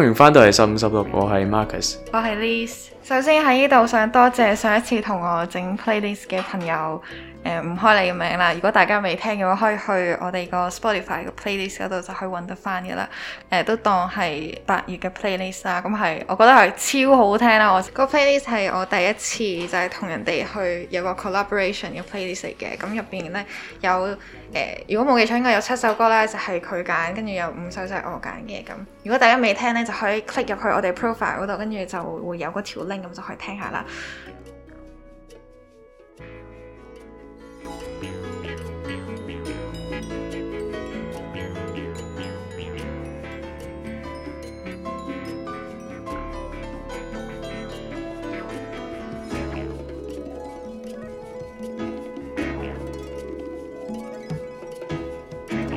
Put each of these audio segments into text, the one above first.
歡迎返到嚟十五十六，我係 Marcus，我係 Liz。首先喺呢度想多謝上一次同我整 playlist 嘅朋友。唔開你嘅名啦，如果大家未聽嘅話，可以去我哋個 Spotify 個 playlist 嗰度就可以搵得翻嘅啦。誒、呃，都當係八月嘅 playlist 啦，咁、嗯、係，我覺得係超好聽啦、啊。我個 playlist 係我第一次就係同人哋去有個 collaboration 嘅 playlist 嚟嘅，咁入邊呢，有誒、呃，如果冇記錯應該有七首歌咧，就係佢揀，跟住有五首就係我揀嘅。咁如果大家未聽呢，就可以 click 入去我哋 profile 嗰度，跟住就會有嗰條 link 咁就可以聽下啦。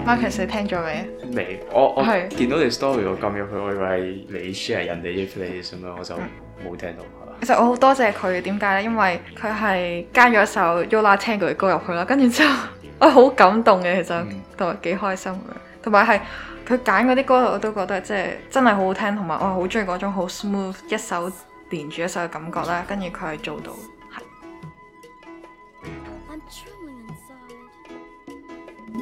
Marcus，你聽咗未？未，我我見到你 story，我撳入去，我以為係你 share 人哋嘅 playlist 咁樣，我就冇聽到。其實我好多謝佢，點解咧？因為佢係加咗一首 Yula 聽過嘅歌入去啦，跟住之後我好感動嘅，其實都幾開心嘅。同埋係佢揀嗰啲歌，我都覺得即係真係好好聽，同埋我好中意嗰種好 smooth 一首連住一首嘅感覺啦。跟住佢係做到。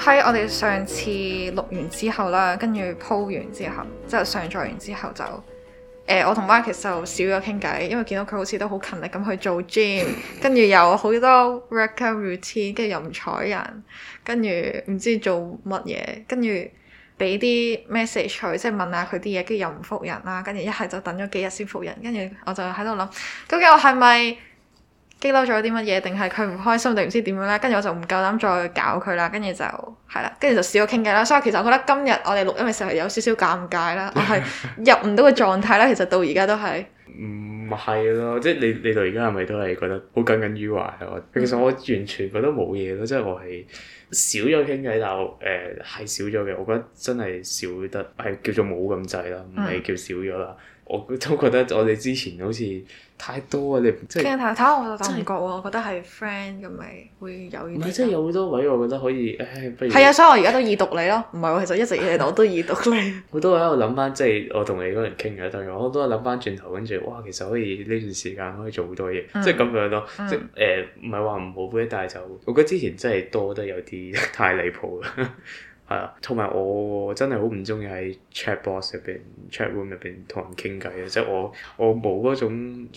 喺、hey，我哋上次錄完之後啦，跟住鋪完之後，即係上載完之後就，誒、呃、我同 Marcus 就少咗傾偈，因為見到佢好似都好勤力咁去做 gym， 跟住有好多 record routine，跟住又唔睬人，跟住唔知做乜嘢，跟住俾啲 message 佢，即係問下佢啲嘢，跟住又唔復人啦，跟住一係就等咗幾日先復人，跟住我就喺度諗，究竟我係咪？激嬲咗啲乜嘢？定係佢唔開心？定唔知點樣咧？跟住我就唔夠膽再搞佢啦。跟住就係啦，跟住就少咗傾偈啦。所以其實我覺得今日我哋錄音嘅時候有少少尷尬啦。 我係入唔到個狀態啦。其實到而家都係唔係咯？即係你你到而家係咪都係覺得好耿耿於懷啊？其實我完全覺得冇嘢咯。嗯、即係我係少咗傾偈，就誒係少咗嘅。我覺得真係少得係叫做冇咁滯啦，唔係叫少咗啦。嗯我都覺得我哋之前好似太多聽下啊！你即係睇下，我就真唔覺喎。覺得係 friend 咁咪會有。唔係真係有好多位，我覺得可以，誒不如。係啊，所以我而家都易讀你咯。唔係喎，其實一直以嚟我都易讀你。我都喺度諗翻，即係我同你嗰人傾嘅，當然我都係諗翻轉頭，跟住哇，其實可以呢段時間可以做好多嘢，即係咁樣咯。嗯、即係唔係話唔好嘅，但係我覺得之前真係多得有啲太離譜。 係啊，同埋我真係好唔中意喺 chat box 入邊、chat room 入邊同人傾偈嘅，即係我我冇嗰種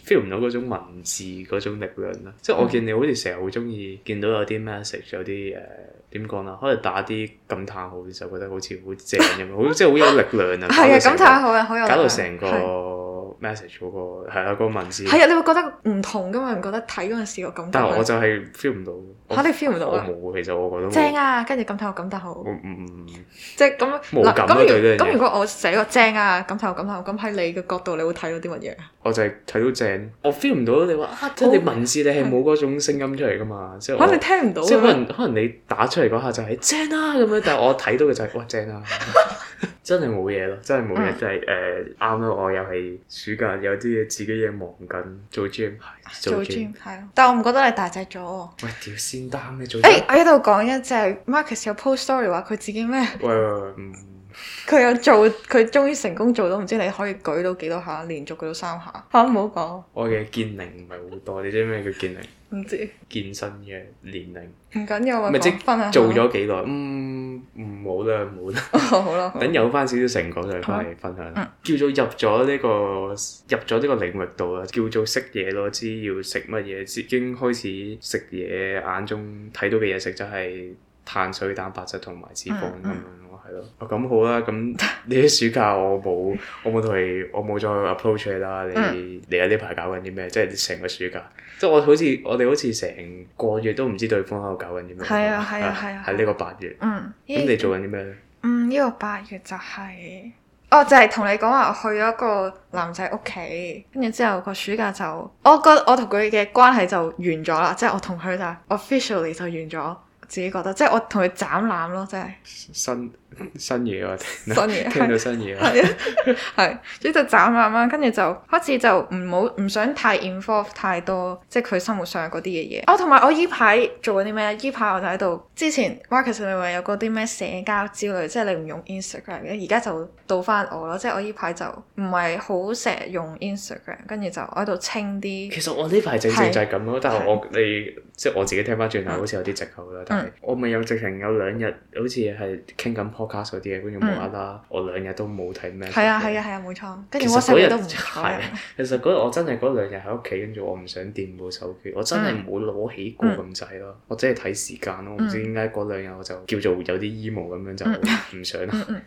feel 唔到嗰種文字嗰種力量啦。即係我見你好似成日好中意見到有啲 message，有啲誒點講啊，可能打啲感嘆號就覺得好似 好正咁樣，即係好，好有力量啊！係咁嘆搞到成個。message 嗰、那個係啊，嗰、那個文字係啊，你會覺得唔同噶嘛？唔覺得睇嗰陣時個感覺，但我就係 feel 唔到，肯定 feel 唔到啊！冇，其實我覺得正啊，跟住咁睇我咁睇好，我唔、嗯、即係咁嗱咁如咁如果我寫個正啊，咁睇我咁睇好咁，喺你嘅角度，你會睇到啲乜嘢？我就係睇到正，我 feel 唔到你話啊，即係你文字你係冇嗰種聲音出嚟噶嘛，即係可能聽唔到，即係可能你打出嚟嗰下就係正啦。咁樣，但係我睇到嘅就係哇正啦。真係冇嘢咯，真係冇嘢，就係誒啱啦，我又係暑假有啲嘢自己嘢忙緊做 gym 做 gym 係，但我唔覺得你大隻咗喎。喂，屌先單咩做？誒，我依度講一隻 Marcus 有 post story 話佢自己咩？喂。佢有做，佢終於成功做到，唔知你可以舉到幾多下，連續舉到三下嚇，唔好講。我嘅健齡唔係好多，你知咩叫健齡？唔知健身嘅年齡唔緊要，咪、啊、即係做咗幾耐？啊、嗯，oh，好啦，唔好啦，好啦，好等有翻少少成果再翻嚟分享。嗯、叫做入咗呢、這個入咗呢個領域度啦，叫做識嘢囉，知要食乜嘢，已經開始食嘢，眼中睇到嘅嘢食就係碳水、蛋白質同埋脂肪咁樣。嗯嗯係咯，咁好啦，咁呢啲暑假我冇，我冇同你，我冇再 approach 你啦。你你喺呢排搞緊啲咩？即係成個暑假，即係我好似我哋好似成個月都唔知對方喺度搞緊啲咩。係啊係，啊係啊。喺呢個八月。嗯。咁你做緊啲咩咧？嗯，呢個八月就係，哦就係同你講話去咗個男仔屋企，跟住之後個暑假就，我覺我同佢嘅關係就完咗啦，即係我同佢就 officially 就完咗，自己覺得，即係我同佢斬纜咯，即係。新。新嘢喎，聽到新嘢意喎，係，所以就斬慢慢，跟住就開始就唔好唔想太 involve 太多，即係佢生活上嗰啲嘅嘢。哦、oh，同埋我依排做緊啲咩？依排我就喺度，之前 Marcus 咪有嗰啲咩社交之類，即係你唔用 Instagram 嘅，而家就到翻我咯，即係我依排就唔係好成日用 Instagram，跟住就我喺度清啲。其實我呢排正正就係咁咯，是但係我的你即係我自己聽翻轉頭，好似有啲藉口啦，的但係我咪有直情有兩日好似係傾緊 focus 啲嘢，跟住冇得啦。嗯、我兩日都冇睇咩。係啊係啊係啊，冇錯、啊啊。其實嗰日，都唔係其實嗰日我真係嗰兩日喺屋企，跟住我唔想掂部手機，我，機、嗯、我真係冇攞起過咁滯咯。嗯、我只係睇時間咯，唔、嗯、知點解嗰兩日我就叫做有啲 emo 咁樣，就唔想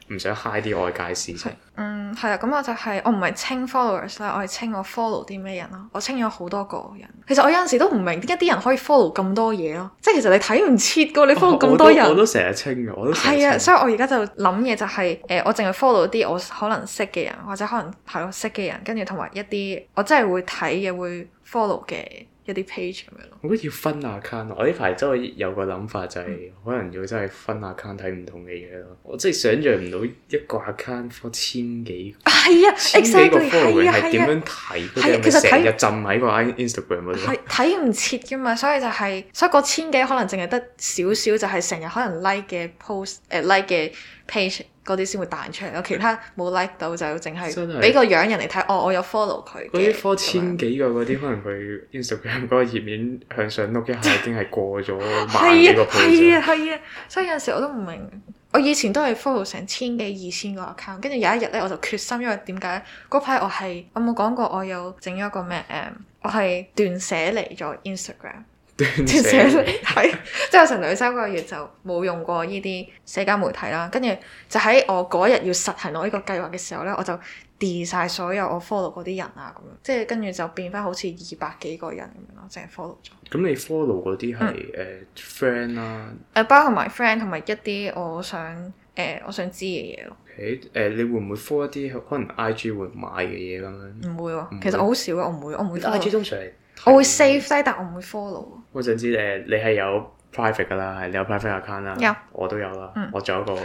唔想 high 啲外界事情。嗯，係、嗯 嗯、啊，咁、嗯啊、我就係我唔係清 followers 啦，我係清，清我 follow 啲咩人咯。我清咗好多個人。其實我有陣時都唔明，點解啲人可以 follow 咁多嘢咯？即係其實你睇唔切噶，你 follow 咁多人，我都成日清嘅，我都係啊。所以我而家。就諗嘢就係、是，誒、呃，我淨係 follow 啲我可能識嘅人，或者可能係我識嘅人，跟住同埋一啲我真係會睇嘅會 follow 嘅。一啲 page 咁樣咯，我覺得要分下 account。我呢排真係有個諗法就係，可能要真係分下 account 睇唔同嘅嘢咯。我即係想像唔到一個 account 科千幾，係 啊，千幾個 follower 係點樣睇？係其實成日浸喺個 Instagram 度，係睇唔切噶嘛。所以就係、係，所以嗰千幾可能淨係得少少，就係成日可能 like 嘅 post，誒、呃、like 嘅 page。嗰啲先會彈出，嚟，有其他冇 like 到就淨係俾個樣人嚟睇，哦，我有 follow 佢。嗰啲科千幾個嗰啲，吧可能佢 Instagram 嗰個頁面向上碌一下已經係過咗萬幾個係啊，係啊，係啊，啊，所以有時我都唔明。我以前都係 follow 成千幾、二千個 account，跟住有一日咧我就決心，因為點解嗰排我係我冇講過我有整咗個咩誒、嗯？我係斷捨離咗 Instagram。即係成兩三個月就冇用過呢啲社交媒體啦。跟住就喺我嗰日要實行我呢個計劃嘅時候呢，我就 delete 晒所有我 follow 嗰啲人啊，咁樣即係跟住就變翻好似二百幾個人咁樣咯，淨係 follow 咗。咁你 follow 嗰啲係誒 friend 啦？誒包括埋 friend 同埋一啲我想誒、呃、我想知嘅嘢咯。誒、okay。呃、你會唔會 follow 一啲可能 IG 會買嘅嘢咁樣？唔會喎、啊，其實我好少啊，我唔會，我唔會。IG 通常係我會 save 低，但我唔會 follow。我陣時誒，你係有 private 噶啦，係你有 private account 啦，有我都有啦，嗯、我仲有一個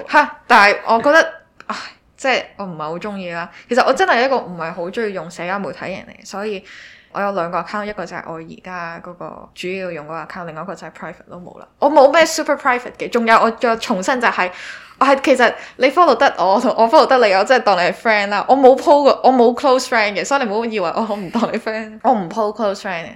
但係我覺得， 啊、即係我唔係好中意啦。其實我真係一個唔係好中意用社交媒體人嚟，所以我有兩個 account，一個就係我而家嗰個主要用嘅 account，另外一個就係 private 都冇啦。我冇咩 super private 嘅，仲有我再重申就係、是，我係其實你 follow 得我同我 follow 得你，我真係當你係 friend 啦。我冇 po le，我冇 close friend 嘅，所以你唔好以為我唔當你 friend，我唔 p close friend 嘅。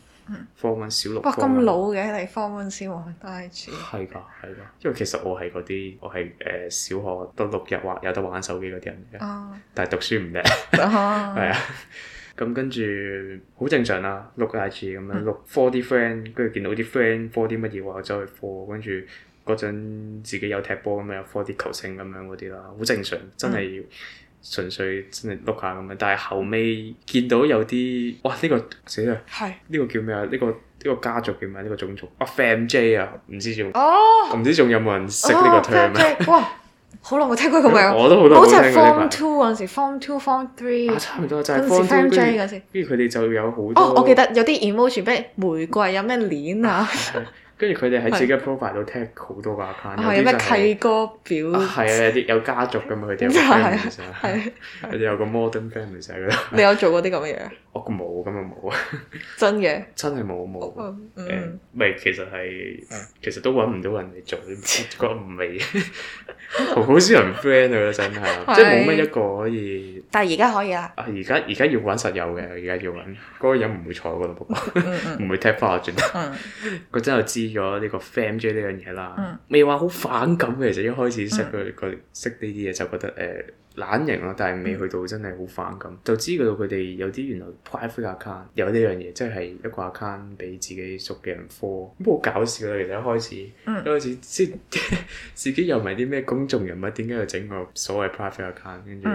f 文小六咁不 for one. 老嘅你 f 文小王都 IG，係噶係噶，因為其實我係嗰啲我係誒、呃、小學都六日玩有得玩手機嗰啲人嘅，啊、但係讀書唔叻，係 啊，咁跟住好正常啦，六第、嗯、IG 咁樣六 four 啲 friend，跟住見到啲 friend four 啲乜嘢話走去 four，跟住嗰陣自己有踢波咁樣有 four 啲球星咁樣嗰啲啦，好正常，真係。嗯真純粹真係碌下咁樣，但係後尾見到有啲，哇呢、這個死啦！呢是個叫咩啊？呢、這個呢、這個家族叫咩？呢、這個種族啊？Fam J 啊，唔知仲哦，唔、哦、知仲有冇人識呢、哦、個 term 咩？okay. 哇，好耐冇聽過個名，我都好多好聽過。好似。form two 嗰時，form two form three，差唔多就係 form J 嗰時，跟住佢哋就有好。哦，我記得有啲 emotion 咩玫瑰，有咩鏈啊。嗯 okay. 跟住佢哋喺自己嘅 profile 度聽好多個 account，的有啲咩契哥表，係啊有啲有家族噶嘛佢哋。有佢哋 有個 modern family 寫佢。 你有做過啲咁嘅嘢？我冇咁啊冇啊，真嘅，真係冇冇，唔係其實係其實都揾唔到人嚟做，覺得唔嚟，同好少人 friend 佢真係，即係冇咩一個可以。但係而家可以啦。啊而家而家要揾實有嘅，而家要揾，嗰個人唔會坐嗰度，唔 笑 SPEAK 會踢翻我轉頭。嗰陣就知咗呢個 friend 啫呢樣嘢啦。未話好反感嘅，其實一開始識佢，佢識呢啲嘢就覺得誒。呃懶型啊，但係未去到真係好反感，就知道佢哋有啲原來 private account 有呢樣嘢，即係一個 account 俾自己熟嘅人 follow 咁好搞笑啦！其實一開始，一、嗯、開始即自己又唔係啲咩公眾人物，點解要整個所謂 private account？跟住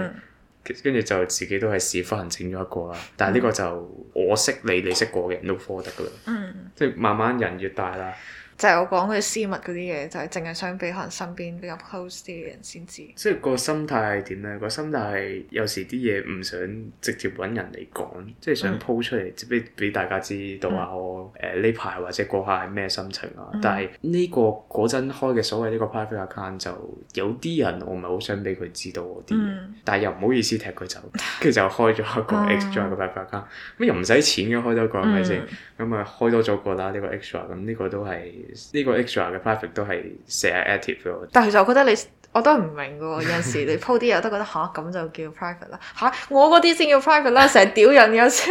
跟住就自己都係屎忽痕整咗一個啦。但係呢個就、嗯、我識你，你識我嘅人都 follow 得㗎啦。嗯、即係慢慢人越大啦。就係我講佢私密嗰啲嘢，就係淨係想俾可能身邊比較 close 啲嘅人先知。即係個心態係點咧？個心態係有時啲嘢唔想直接揾人嚟講，即係想鋪出嚟，即係俾大家知道下我誒呢排或者過下係咩心情啊。嗯、但係呢、呢個嗰陣開嘅所謂呢個 private account 就有啲人我唔係好想俾佢知道我啲嘢，嗯、但係又唔好意思踢佢走，跟住、嗯、就開咗一個 extra 個 private account、嗯。咁又唔使錢嘅開咗個係咪先？咁啊開多咗個啦呢、嗯、個,個 extra，咁呢個都係。呢個 extra 嘅 private 都係成日 active 嘅。但係其實我覺得你我都係唔明嘅喎，有陣時你 po 啲嘢我都覺得嚇咁就叫 private 啦，嚇我嗰啲先叫 private 啦，成日屌人嘅有時，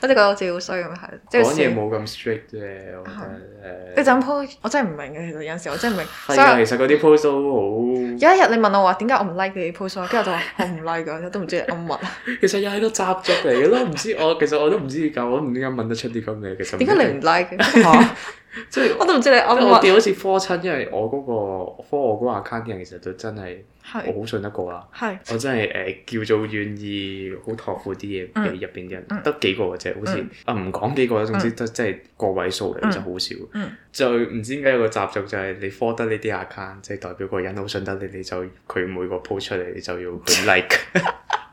我就覺得好似好衰咁樣係。講嘢冇咁 strict 啫，誒。你就咁 po，我真係唔明嘅。其實有陣時我真係唔明。係啊，其實嗰啲 po 都好。有一日你問我話點解我唔 like 你啲 po，跟住我就話我唔 like 嘅，都唔知暗物啊。其實又係都雜作嚟嘅咯，唔知我其實我都唔知點解，我都唔點解問得出啲咁嘅其實。點解你唔 like 嘅嚇？即係我都唔知你啱啱。即係我掉好似科 o 親，因為我嗰、嗰個科我嗰個 account 嘅人其實都真係是我好信得過啦。是我真係誒、呃、叫做願意好託付啲嘢俾入邊人，得、嗯、幾個嘅啫。好似啊唔講幾個啦，總之都真係個位數嚟，嗯、就好少。嗯、就唔知點解有個習俗就係你科得呢啲 account，即係代表個人好信得你，你就佢每個 po 出嚟，你就要去 like。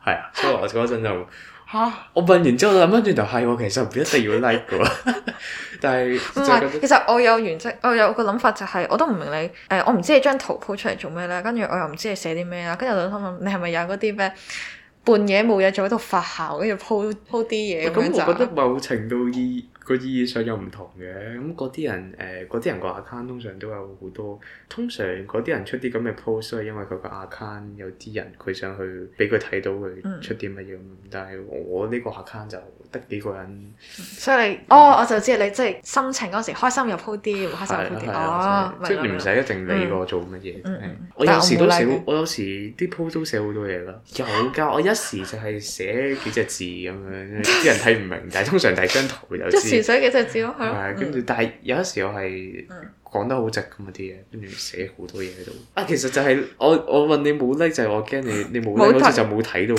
係、嗯、 啊，所以我嗰陣就。嚇！哈我問完之後諗翻轉頭係，我其實唔一定要 like 嘅。 但係唔係，嗯、其實我有原則，我有個諗法就係、是，我都唔明你誒、呃，我唔知你張圖鋪出嚟做咩咧，跟住我又唔知你寫啲咩啦，跟住我就心諗你係咪有嗰啲咩半夜冇嘢做喺度發酵，跟住鋪鋪啲嘢咁樣就，我覺得某程度……個意義上又唔同嘅，咁嗰啲人，誒嗰啲人個 account 通常都有好多，通常嗰啲人出啲咁嘅 post 都係因為佢個 account 有啲人佢想去俾佢睇到佢出啲乜嘢，嗯、但係我呢個 account 就，得幾個人？所以，哦，我就知你即係心情嗰時開心又鋪啲，開心鋪幾多，即係你唔使一定理我做乜嘢。我有時都寫，我有時啲鋪都寫好多嘢啦。有㗎，我一時就係寫幾隻字咁樣，啲人睇唔明。但係通常第一張圖有。一時寫幾隻字咯，係跟住，但係有一時我係講得好直咁啊啲嘢，跟住寫好多嘢喺度。啊，其實就係我我問你冇 like 就係我驚你你冇 like，好似就冇睇到。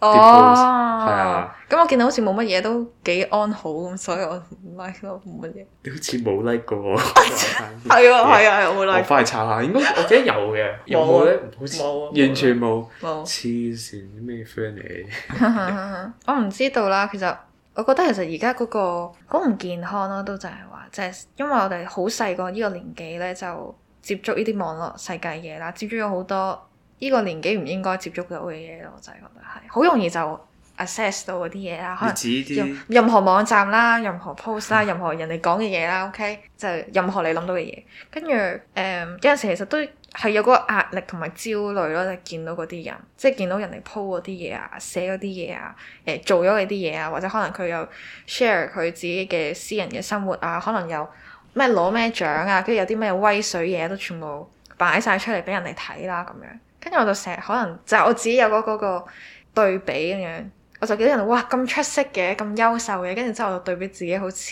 哦，係啊！咁我見到好似冇乜嘢，都幾安好咁，所以我唔 like 咯，冇乜嘢。你好似冇 like 過喎，係喎係喎我冇 like。我翻嚟查下，應該我記得有嘅，有冇咧？冇，完全冇，黐線咩 friend 嚟？我唔知道啦。其實我覺得其實而家嗰個好唔健康咯，都就係話，就係因為我哋好細個呢個年紀咧，就接觸呢啲網絡世界嘢啦，接觸咗好多。呢個年紀唔應該接觸到嘅嘢咯，我就係覺得係好容易就 access 到嗰啲嘢啦。可能任何網站啦，任何 post 啦，啊、任何人哋講嘅嘢啦，OK，就係任何你諗到嘅嘢。跟住誒有陣時其實都係有嗰個壓力同埋焦慮咯，就係見到嗰啲人，即係見到人哋 po 嗰啲嘢啊，寫嗰啲嘢啊，誒做咗嗰啲嘢啊，或者可能佢又 share 佢自己嘅私人嘅生活啊，可能又咩攞咩獎啊，跟住有啲咩威水嘢都全部擺晒出嚟俾人哋睇啦咁樣。跟住我就成日可能就我自己有嗰嗰個對比咁樣，我就見到人哇咁出色嘅，咁優秀嘅，跟住之後我就對比自己好似。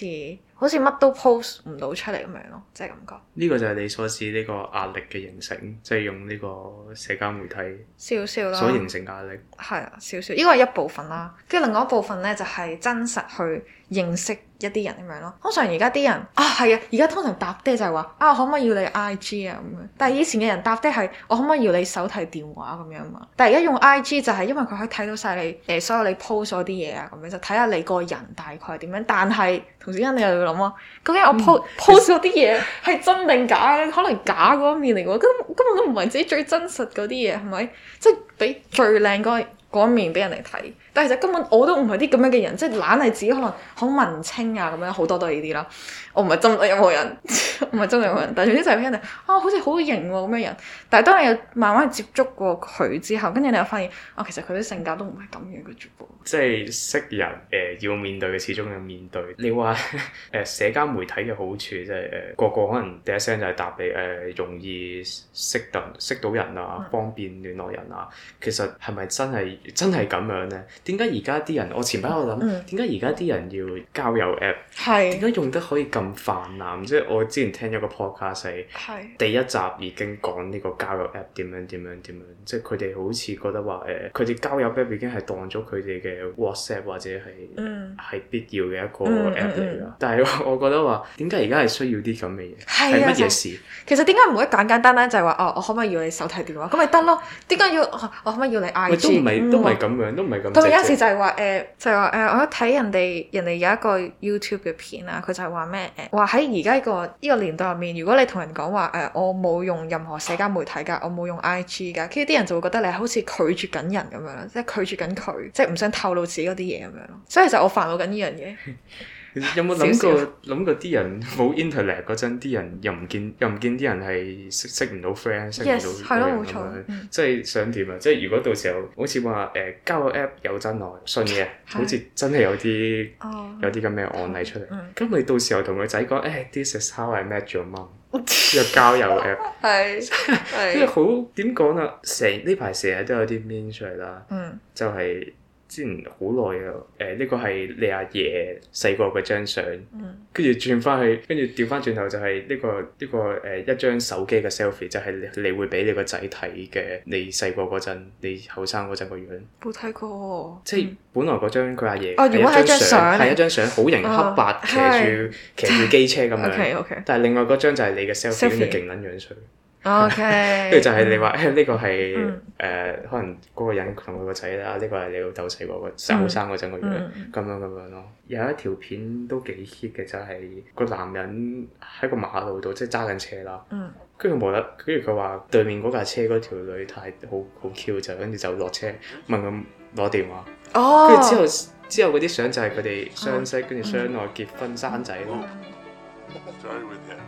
好似乜都 post 唔到出嚟咁樣咯，即係咁講，呢個就係你所指呢個壓力嘅形成，即係用呢個社交媒體，少少啦，所形成壓力。係啊，少少，呢個係一部分啦。跟住另外一部分咧，就係真實去認識一啲人咁樣咯。通常而家啲人啊，係啊，而家通常搭爹就係話啊，可唔可以要你 IG 啊咁樣，但係以前嘅人搭爹係我可唔可以要你手提電話咁樣啊嘛？但係而家用 IG 就係因為佢可以睇到晒你誒所有你 post 嗰啲嘢啊咁樣，就睇下你個人大概係點樣，但係。同時因為你又。咁啊！究竟我 post post 嗰啲嘢係真定假咧？可能假嗰一面嚟嘅，根本根本都唔係自己最真實嗰啲嘢，係咪？即係俾最靚嗰嗰一面俾人哋睇。但其實根本我都唔係啲咁樣嘅人，即係懶係自己可能好文青啊，咁樣好多都係呢啲啦。我唔係針對任何人，唔係針對任何人。但係總之就係聽到啊，好似好型喎咁嘅人。但係當你慢慢接觸過佢之後，跟住你又發現啊，其實佢啲性格都唔係咁樣嘅啫噃。即係識人誒、呃，要面對嘅，始終要面對。你話誒、呃，社交媒體嘅好處即係誒，個、呃、個可能第一聲就係答你誒、呃，容易識到識到人啊，方便聯絡人啊。嗯、其實係咪真係真係咁樣咧？點解而家啲人？我前排我諗，點解而家啲人要交友 app？點解是用得可以咁泛濫？即、就、係、是、我之前聽咗個 podcast，第一集已經講呢個交友 app 點樣點樣點樣，樣。即係佢哋好似覺得話誒，佢、呃、哋交友 app 已經係當咗佢哋嘅 WhatsApp 或者係係、嗯、必要嘅一個 app 嚟㗎。嗯嗯嗯嗯、但係我覺得話，點解而家係需要啲咁嘅嘢？係乜嘢事其？其實點解唔會簡簡單單就係、是、話哦？我可唔可以要你手提電話？咁咪得咯？點解要我可唔可以要你 IG 都唔係都唔係咁樣，都唔係咁。還有 有時就係話誒，就係話誒，我一睇人哋人哋有一個 YouTube 嘅片啊，佢就係話咩誒，話喺而家個呢個年代入面，如果你同人講話誒，我冇用任何社交媒體㗎，我冇用 IG 㗎，跟住啲人就會覺得你好似拒絕緊人咁樣，即係拒絕緊佢，即係唔想透露自己嗰啲嘢咁樣咯。所以其實我煩惱緊呢樣嘢。 有冇諗過諗過啲人冇 internet 嗰陣，啲人又唔見又唔見啲人係識唔到 friend，識唔到即係想點啊？即係如果到時候好似話誒交友 app 有真愛，信嘅，好似真係有啲有啲咁嘅案例出嚟。咁你到時候同個仔講誒，this is how I met your mom 又交友 app，即係好點講啊？成呢排成日都有啲面出嚟啦，就係。之前好耐㗎！誒、呃、呢、這個係你阿爺細個嗰張相，跟住轉翻去，跟住調翻轉頭就係呢、這個呢、這個誒、呃、一張手機嘅 selfie，就係、是、你，你會俾你個仔睇嘅你細個嗰陣、你後生嗰陣個樣。冇睇過。即係本來嗰張佢阿爺，係一張相，係一張相好型黑白騎住騎住機車咁樣。但係另外嗰張就係你嘅 selfie，勁撚樣衰。 跟住 Okay. 就係你話呢個係誒、呃、可能嗰個人同佢、嗰個仔啦，呢個係你老豆細個個生好生嗰陣嗰樣咁樣咁、嗯嗯、樣咯。有一條片都幾 hit 嘅，就係、是、個男人喺個馬路度即係揸緊車啦，跟住、嗯、無得，跟住佢話對面嗰架車嗰條女太好好 Q 就，跟住就落車問佢攞電話。跟住之後之後嗰啲相就係佢哋相識跟住相愛結婚生仔咯。嗯嗯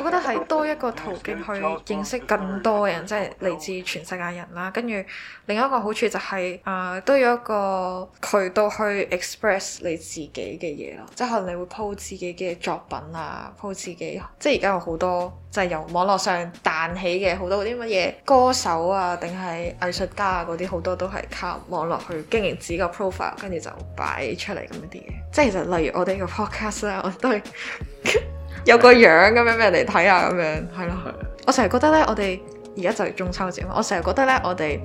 我覺得係多一個途徑去認識更多嘅人，即係嚟自全世界人啦。跟住另一個好處就係、是、啊、呃、都有一個渠道去 express 你自己嘅嘢咯。即係可能你會 po 自己嘅作品啊，po 自己，即係而家有好多，就係由網絡上彈起嘅好多啲乜嘢歌手啊，定係藝術家啊啲，好多都係靠網絡去經營自己個 profile，跟住就擺出嚟咁一啲嘢。即係其實例如我哋個 podcast 我都係 有個樣咁樣俾人哋睇下，咁樣係咯。我成日覺得咧，我哋而家就係中秋節，我成日覺得咧，我哋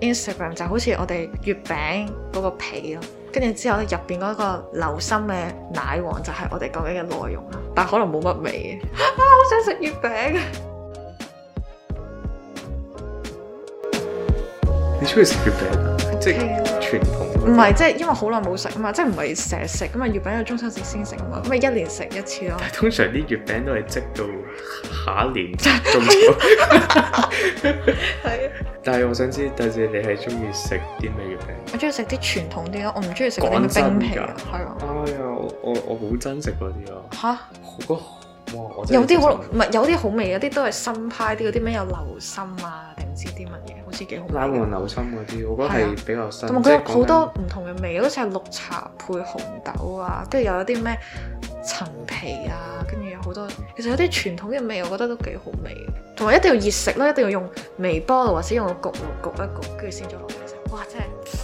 Instagram 就好似我哋月餅嗰個皮咯，跟住之後咧入邊嗰個流心嘅奶黃就係我哋究竟嘅內容啦，但可能冇乜味嘅。 啊，好想食月餅啊！你中意食月餅？Okay. 即係全部。唔係，即係因為好耐冇食啊嘛，即係唔係成日食啊嘛。月餅喺中秋節先食啊嘛，咁咪一年食一次咯。通常啲月餅都係積到下一年先食。係啊，但係我想知，特別你係中意食啲咩月餅？我中意食啲傳統啲咯，我唔中意食啲冰皮啊，係啊。哎呀，我我好憎食嗰啲咯。吓？好啊，有啲好唔係，有啲好味有啲都係新派啲嗰啲咩有流心啊。知啲乜嘢，好似幾好味。奶黃流心嗰啲，我覺得係比較新，同埋佢有好多唔同嘅味，好似係綠茶配紅豆啊，跟住又有啲咩陳皮啊，跟住有好多，其實有啲傳統嘅味，我覺得都幾好味。同埋一定要熱食啦，一定要用微波爐或者用焗爐焗一焗，跟住先再落去食。哇，真係～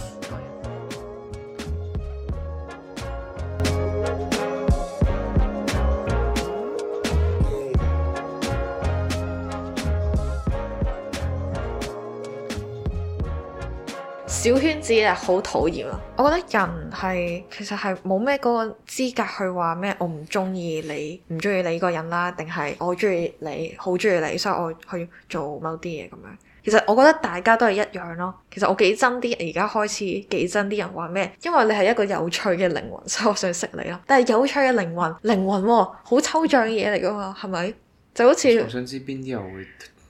小圈子啊，好討厭啊！我覺得人係其實係冇咩嗰個資格去話咩，我唔中意你，唔中意你呢個人啦，定係我中意你，好中意你，所以我去做某啲嘢咁樣。其實我覺得大家都係一樣咯。其實我幾憎啲而家開始幾憎啲人話咩，因為你係一個有趣嘅靈魂，所以我想識你囉。但係有趣嘅靈魂，靈魂喎、哦，好抽象嘅嘢嚟噶嘛，係咪就好似我想知邊啲人會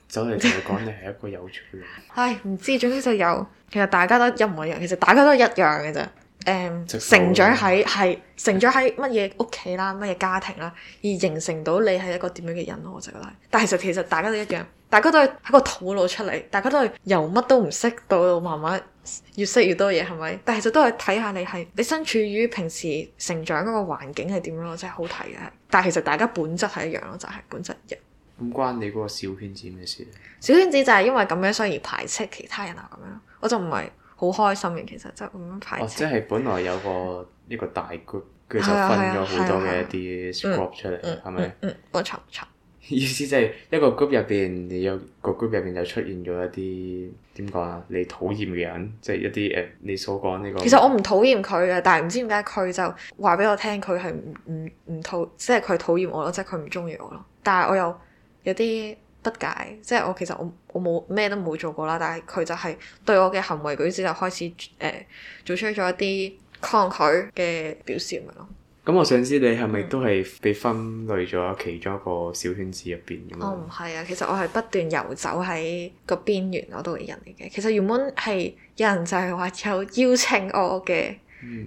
走嚟同你講你係一個有趣嘅？ 唉，唔知，總之就有。其實大家都一模一樣，其實大家都係一樣嘅咋。誒、嗯，成長喺係成長喺乜嘢屋企啦，乜嘢家庭啦，而形成到你係一個點樣嘅人咯，我就覺得。但係其，其實大家都一樣，大家都係喺個套路出嚟，大家都係由乜都唔識到慢慢越識越多嘢，係咪？但係其實都係睇下你係你身處於平時成長嗰個環境係點樣咯，真係好睇嘅。但係其實大家本質係一樣咯，就係、是、本質一樣。咁關你嗰個小圈子咩事？小圈子就係因為咁樣，所以排斥其他人啊，咁樣。我就唔係好開心嘅，其實就係咁樣排、哦。即係本來有一個一個大 group，佢 就分咗好多嘅一啲 scrap 出嚟，係咪？嗯，冇錯冇錯。嗯嗯、 意思即係一個 group 入邊，你有、個 group 入邊就出現咗一啲點講啊？你討厭嘅人，即係一啲誒你所講呢、呢個。其實我唔討厭佢嘅，但係唔知點解佢就話俾我聽，佢係唔唔唔討，即係佢討厭我咯，即係佢唔中意我咯。但係我又有啲不解，即係我其實我我冇咩都冇做過啦，但係佢就係對我嘅行為嗰陣就開始誒、呃、做出咗一啲抗拒嘅表示咁、嗯、我想知你係咪都係被分類咗其中一個小圈子入邊咁啊？唔係、哦、啊，其實我係不斷游走喺個邊緣嗰度嘅人嚟嘅。其實原本係有人就係話有邀請我嘅。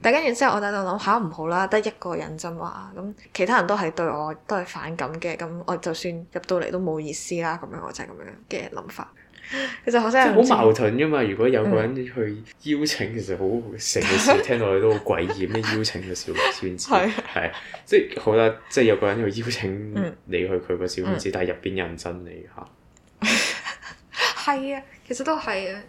大家然之後我，我就諗吓唔好啦，得一個人啫嘛，咁其他人都係對我都係反感嘅，咁我就算入到嚟都冇意思啦。咁樣我就係咁樣嘅諗法。其實好真好矛盾㗎嘛！如果有個人去邀請，其實好成件事聽落去都好詭異。咩 邀請嘅小圈子？係， 即係好啦，即係有個人去邀請你去佢個小圈子，但係入邊有人憎你吓。係 啊，其實都係啊，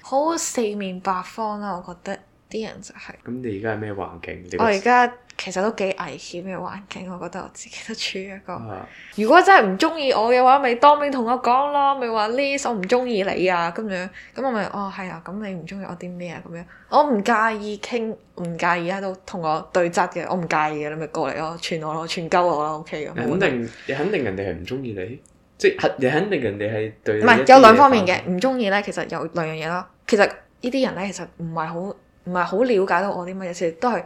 好四面八方啦、啊，我覺得。啲人就係、是、咁，你而家係咩環境？我而家其實都幾危險嘅環境，我覺得我自己都處於一個。啊、如果真係唔中意我嘅話，咪當面同我講咯，咪話呢，Liz，我唔中意你啊，咁樣咁我咪哦係啊，咁、嗯、你唔中意我啲咩啊咁樣，我唔介意傾，唔介意喺度同我對質嘅，我唔介意嘅，你咪過嚟咯，串我咯，串鳩我咯，OK 咁。肯定你肯定人哋係唔中意你，即係你肯定人哋係 對你唔係有兩方面嘅唔中意咧。其，呢其實有兩樣嘢咯。其實呢啲人咧，其實唔係好。唔係好了解到我啲乜嘢，其實都係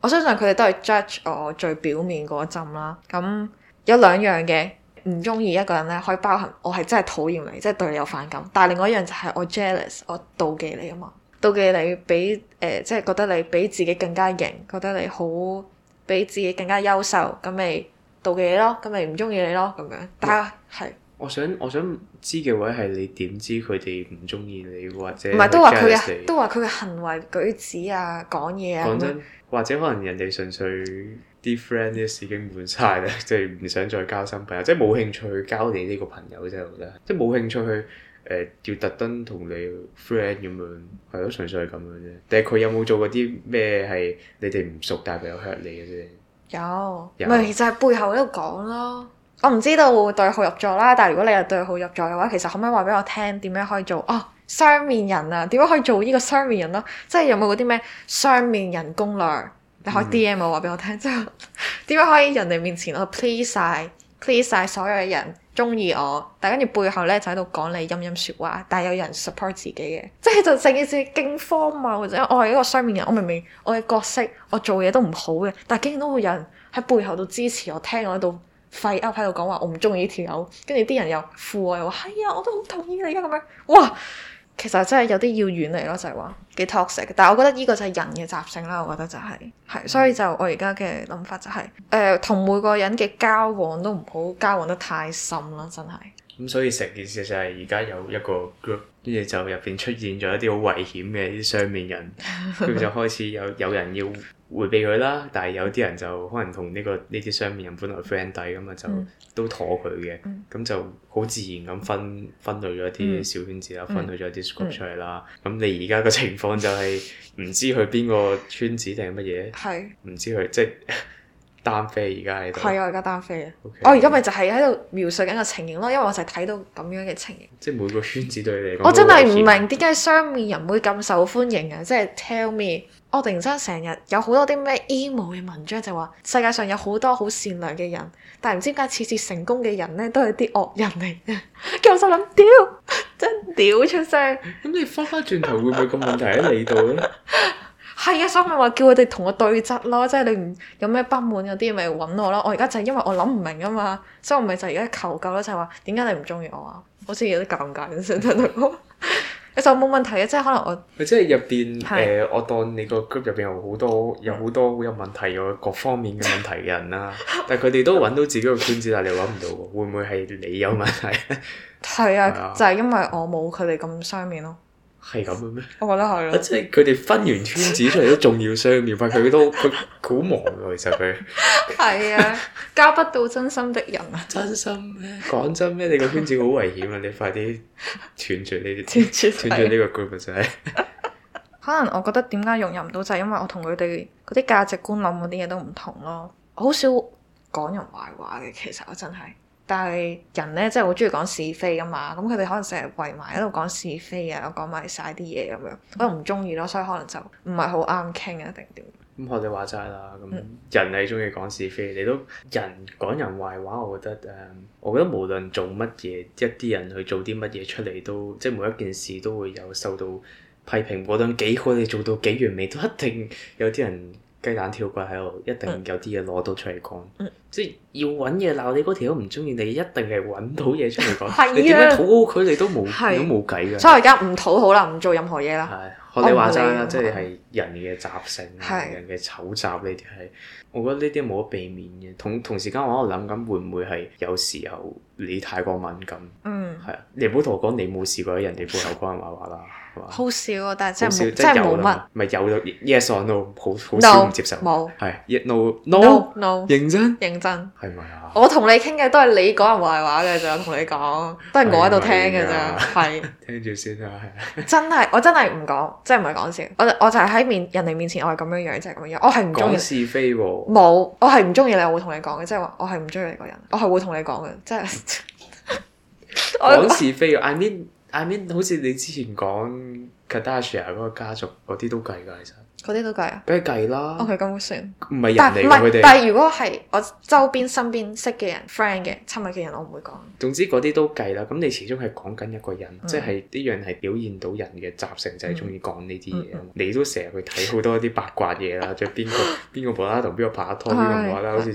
我相信佢哋都係 judge 我最表面嗰陣啦。咁、嗯、有兩樣嘅唔中意一個人咧，可以包含我係真係討厭你，即係對你有反感。但係另外一樣就係我 jealous，我妒忌你啊嘛，妒忌你比誒、呃、即係覺得你比自己更加型，覺得你好比自己更加優秀，咁咪妒忌你咯，咁咪唔中意你咯咁樣。但係，嗯我想我想知嘅位係你點知佢哋唔中意你，或者唔係都話佢嘅，都話佢嘅行為舉止啊、講嘢啊咁。或者可能人哋純粹啲 friend 啲事已經滿晒啦，即係唔想再交新朋友，即係冇興趣交你呢個朋友啫，我覺得，即係冇興趣誒、呃、要特登同你 friend 咁樣，係有有咯，純粹係咁樣啫。但係佢有冇做過啲咩係你哋唔熟但係又 hurt 你嘅啫？有，咪就係背後喺度講咯。我唔知道會對號入座啦，但係如果你係對號入座嘅話，其實可唔可以話畀我聽點樣可以做哦雙面人啊？點樣可以做呢個雙面人咯、啊？即係有冇嗰啲咩雙面人攻略？你可以 DM 我話畀我聽，之後點樣可以人哋面前我 please 晒 please 晒所有嘅人中意我，但係跟住背後咧就喺度講你陰陰説話，但係有人 support 自己嘅，即係就成件事勁荒謬。或者我係一個雙面人，我明明我嘅角色我做嘢都唔好嘅，但係竟然都會有人喺背後度支持我，聽我喺度。廢啊！喺度講話我唔中意呢條友，跟住啲人又附我又，又話係啊，我都好同意你而家咁樣。哇，其實真係有啲要遠嚟咯，就係、是、話幾 toxic 但係我覺得呢個就係人嘅習性啦，我覺得就係、是、係。所以就我而家嘅諗法就係、是，誒、呃，同每個人嘅交往都唔好交往得太深啦，真係。咁、嗯、所以成件事就係而家有一個 group，跟住就入邊出現咗一啲好危險嘅啲雙面人，跟住就開始有有人要。 回避佢啦，但係有啲人就可能同呢、這個呢啲雙面人本來 friend 底咁啊，就都妥佢嘅，咁、嗯、就好自然咁分分類咗啲小圈子啦，分類咗啲 group 出嚟啦。咁、嗯嗯、你而家個情況就係唔知佢邊個圈子定乜嘢，係唔是知佢即係單飛而家喺度。係啊，而家單飛啊！Okay, 我而家咪就係喺度描述緊個情形咯，因為我就係睇到咁樣嘅情形。即係每個圈子對你嚟講，我真係唔明點解雙面人會咁受歡迎啊！即、就、係、是、tell me。我突然間成日有好多啲咩 emo 嘅文章就話，世界上有好多好善良嘅人，但係唔知點解次次成功嘅人咧都係啲惡人嚟嘅。跟 住我就諗，屌真屌出聲。咁、嗯、你翻翻轉頭會唔會咁問題喺你度咧？係啊， 所以咪話叫佢哋同我對質咯。即係你唔有咩不滿嗰啲，咪揾我咯。我而家就係因為我諗唔明啊嘛，所以我咪就而家求救咯。就係話，點解你唔中意我啊？好似有啲尷尬想聽到。 其實冇問題嘅，即係可能我，即係入邊誒，我當你個 group 入邊有好多，有好多好有問題，有各方面嘅問題嘅人啦。 但係佢哋都揾到自己嘅圈子， 但係你揾唔到喎，會唔會係你有問題？係 啊， 就係因為我冇佢哋咁雙面咯。係咁嘅咩？我覺得係咯。即係佢哋分完圈子出嚟都仲要相，明白佢都佢好忙嘅，其實佢。係 啊，交不到真心的人啊！ 真心咩？講真咩？你個圈子好危險啊！你快啲斷絕呢啲斷絕呢個 group 仔。可能我覺得點解融入唔到，就係因為我同佢哋嗰啲價值觀諗嗰啲嘢都唔同咯。我好少講人壞話嘅，其實我真係。但係人咧真係好中意講是非㗎嘛，咁佢哋可能成日圍埋喺度講是非啊，講埋晒啲嘢咁樣，可能唔中意咯，所以可能就唔係好啱傾啊定點？咁學、嗯、你話齋啦，咁人係中意講是非，你都人講人壞話，我覺得誒、呃，我覺得無論做乜嘢，一啲人去做啲乜嘢出嚟，都即係每一件事都會有受到批評。無論幾好你做到幾完美，都一定有啲人。雞蛋跳過喺度，一定有啲嘢攞到出嚟講，嗯、即係要揾嘢鬧你嗰條都唔中意你，一定係揾到嘢出嚟講 的。你點樣的討好佢哋都冇都冇計㗎。所以而家唔討好啦，唔做任何嘢啦。係，學你話齋啦，即係人嘅習性人嘅醜習呢啲係，我覺得呢啲冇得避免嘅。同同時間，我喺度諗緊會唔會係有時候你太過敏感。嗯，啊，你唔好同我講你冇試過喺人哋背後講人壞話啦。 好少啊，但係真係冇，真係冇乜，咪有咗 yes or no，好好少唔接受，係 yes no no no，認真認真，係咪啊？我同你傾嘅都係你講人壞話嘅啫，我同你講，都係我喺度聽嘅啫，係。聽住先啦，係。真係我真係唔講，真係唔係講笑，我我就係喺面人哋面前，我係咁樣樣，即係咁樣，我係唔講是非冇，我係唔中意你，我會同你講嘅，即係話我係唔中意你個人，我係會同你講嘅，即係。講是非啊！I n I mean，好似你之前講 Kardashian 嗰個家族嗰啲都計㗎，其實嗰啲都計啊，梗係計啦。哦，佢咁算唔係人嚟㗎佢哋。但係如果係我周邊、身邊識嘅人、friend 嘅親密嘅人，我唔會講。總之嗰啲都計啦。咁你始終係講緊一個人，即係呢樣係表現到人嘅習性，就係中意講呢啲嘢。你都成日去睇好多啲八卦嘢啦，即係邊個邊個無啦啦同邊個拍拖，邊個無啦啦，好似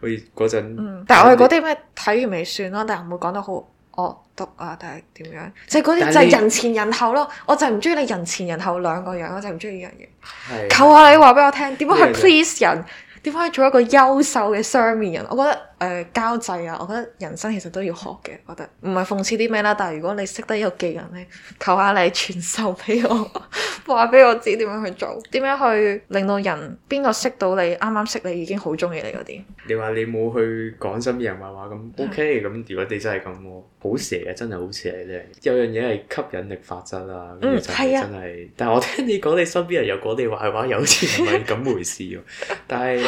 好似嗰陣。但係我哋嗰啲咩睇完未算啦，但係唔會講得好。惡毒、哦、啊，定係點樣？就係嗰啲，就係人前人後咯。我就係唔中意你人前人後兩個樣，我就唔中意呢樣嘢。的求下你話俾我聽，點樣去 please 人？點樣去做一個優秀嘅雙面人？我覺得。誒、呃、交際啊，我覺得人生其實都要學嘅，我覺得唔係諷刺啲咩啦。但係如果你識得一個技能咧，你求下你傳授俾我，話 俾我知點樣去做，點樣去令到人邊個識到你，啱啱識你已經好中意你嗰啲。你話你冇去講身邊人壞話咁，OK，咁的如果你真係咁，好蛇啊！真係好似你人，有樣嘢係吸引力法則啊。就嗯，係啊，真係。但係我聽你講，你身邊人又講你壞話,話，有啲唔係咁回事喎。 但係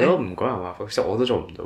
如果唔講人話，其實我都做唔到。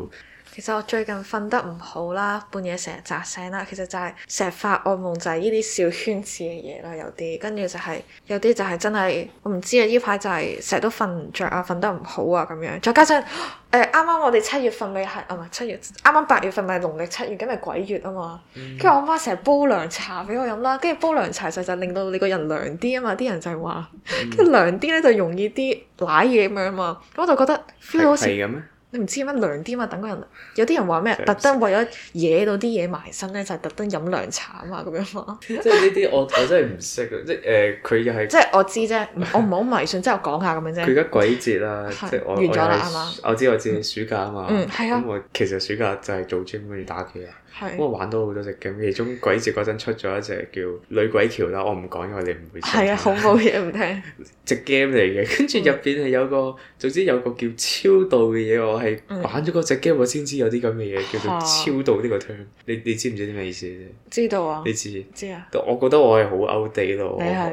其實我最近瞓得唔好啦，半夜成日扎醒啦。其實就係成日發惡夢，就係呢啲小圈子嘅嘢啦。有啲跟住就係、是、有啲就係真係我唔知啊。呢排就係成日都瞓唔着啊，瞓得唔好啊咁樣。再加上誒啱啱我哋七月份咪係啊，唔係七月，啱啱八月份咪農曆七月，咁咪鬼月啊嘛。跟住、嗯、我媽成日煲涼茶俾我飲啦，跟住煲涼茶就就令到你個人涼啲啊嘛。啲人就係話，跟住、嗯、涼啲咧就容易啲瀨嘢咁樣啊嘛。咁我就覺得 feel 到好似。你唔知乜涼啲嘛？等個人有啲人話咩？特登為咗惹到啲嘢埋身咧，就係特登飲涼茶啊嘛咁樣嘛。即係呢啲我 我真係唔識，即係誒佢又係。呃、即係我知啫，我唔好迷信，即係 我講下咁樣啫。佢而家鬼節啦， 即係我完咗啦係嘛！我知我知，暑假啊嘛。嗯，係啊。咁我其實暑假就係做專門要打機啊。咁我是、哦、玩到好多隻 game，其中鬼節嗰陣出咗一隻叫女鬼橋啦。我唔講，因為你唔會知。係啊，恐怖嘢唔聽。隻 game 嚟嘅，跟住入邊係有個，嗯、總之有個叫超度嘅嘢。我係玩咗嗰隻 game，我先知有啲咁嘅嘢叫做超度呢個 term。你你知唔知啲咩意思？知道啊。你知？知啊。我覺得我係好 out 啲咯、啊。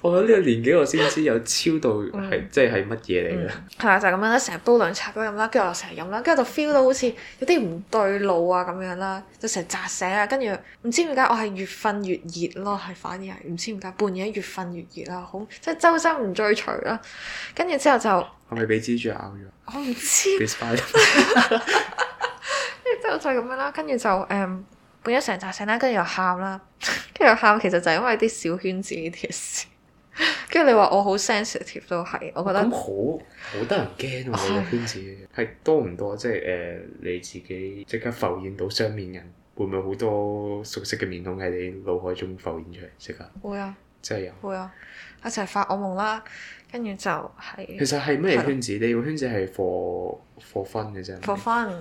我覺得呢個年紀，我先知有超度係、嗯、即係乜嘢嚟嘅。係、嗯、啊，就咁、是、樣啦，成日煲兩茶都飲啦，跟住我成日飲啦，跟住就 feel 到好似有啲唔對路啊咁。咁樣啦，就成日扎醒啊，跟住唔知點解我係越瞓越熱咯，係反而係唔知點解半夜越瞓越熱，就是、啊，好即係周身唔聚財啦，跟住之後就係咪俾蜘蛛咬咗？我唔知 跟，跟住之後就係咁樣啦，跟住就誒半夜成日扎醒啦，跟住又喊啦，跟住又喊其實就係因為啲小圈子呢啲即係你話我好 sensitive 都係，我覺得咁好好得人驚啊！你個圈子係 多唔多？即係誒，你自己即刻浮現到雙面人，會唔會好多熟悉嘅面孔喺你腦海中浮現出嚟？即刻？會啊，即係有會啊，一齊發惡夢啦！跟住就係、是、其實係咩圈子？的你個圈子係 for for fun 嘅啫，for fun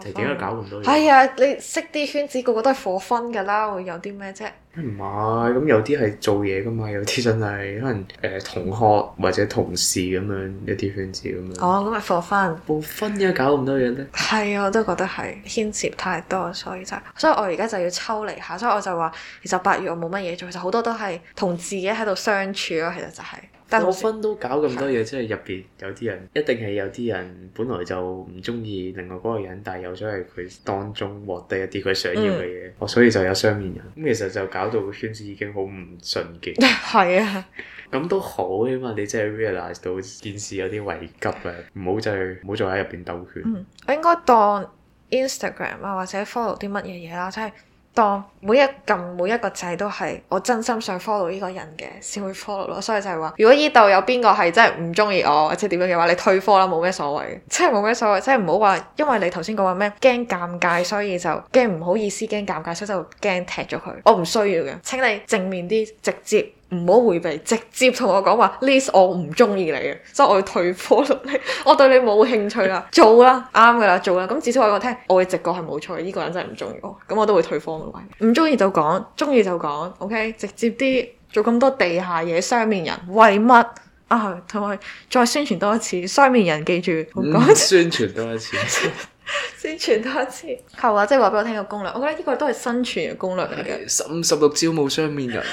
就點解搞咁多嘢？係啊，你識啲圈子個個都係火婚㗎啦，會有啲咩啫？唔係咁有啲係做嘢㗎嘛，有啲真係可能誒、呃、同學或者同事咁樣一啲圈子咁樣子。哦，咁係火婚冇分而家搞咁多嘢咧。係啊，我都覺得係牽涉太多，所以就是、所以我而家就要抽離下，所以我就話其實八月我冇乜嘢做，其實好多都係同自己喺度相處咯，其實就係、是。但好分都搞咁多嘢，即係入邊有啲人的一定係有啲人，本來就唔中意另外嗰個人，但係有咗係佢當中獲得一啲佢想要嘅嘢，我、嗯、所以就有雙面人。咁其實就搞到個圈子已經好唔純潔。係啊的，咁都 好，起碼你真係 realise 到件事有啲危急啊！唔好就係唔好再喺入邊兜圈。我應該當 Instagram 啊，或者 follow 啲乜嘢嘢啦，即係。當每一撳，每一個掣都係我真心想 follow 呢個人嘅，先會 follow 咯。所以就係話，如果呢度有邊個係真係唔中意我或者點樣嘅話，你退 follow 啦，冇咩所謂，即係冇咩所謂，即係唔好話，因為你頭先講話咩驚尷尬，所以就驚唔好意思，驚尷尬，所以就驚踢咗佢。我唔需要嘅，請你正面啲，直接。唔好回避，直接同我講話 Liz 我唔中意你啊，即係我要退課落嚟，我對你冇興趣啦，做啦，啱噶啦，做啦，咁至少話我聽，我嘅直覺係冇錯，呢、呢個人真係唔中意我，咁我都會退課咯。唔中意就講，中意就講，OK，直接啲，做咁多地下嘢，雙面人為乜啊？同埋再宣傳多一次，雙面人記住，唔、嗯、宣傳多一次， 宣傳多一次，係啊， 即係話俾我聽個攻略，我覺得呢個都係生存嘅攻略嚟嘅，十五十六招冇雙面人。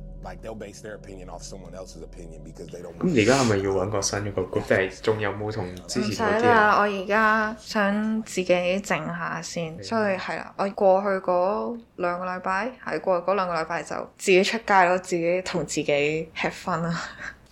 咁而家係咪要搵個新一個 group？係仲有冇同之前嗰啲啊？唔使啦，我而家想自己靜下先， 所以係啦。我過去嗰兩個禮拜，喺過去嗰兩個禮拜就自己出街咯，自己同自己 have fun 啊。 真分要，即係死咯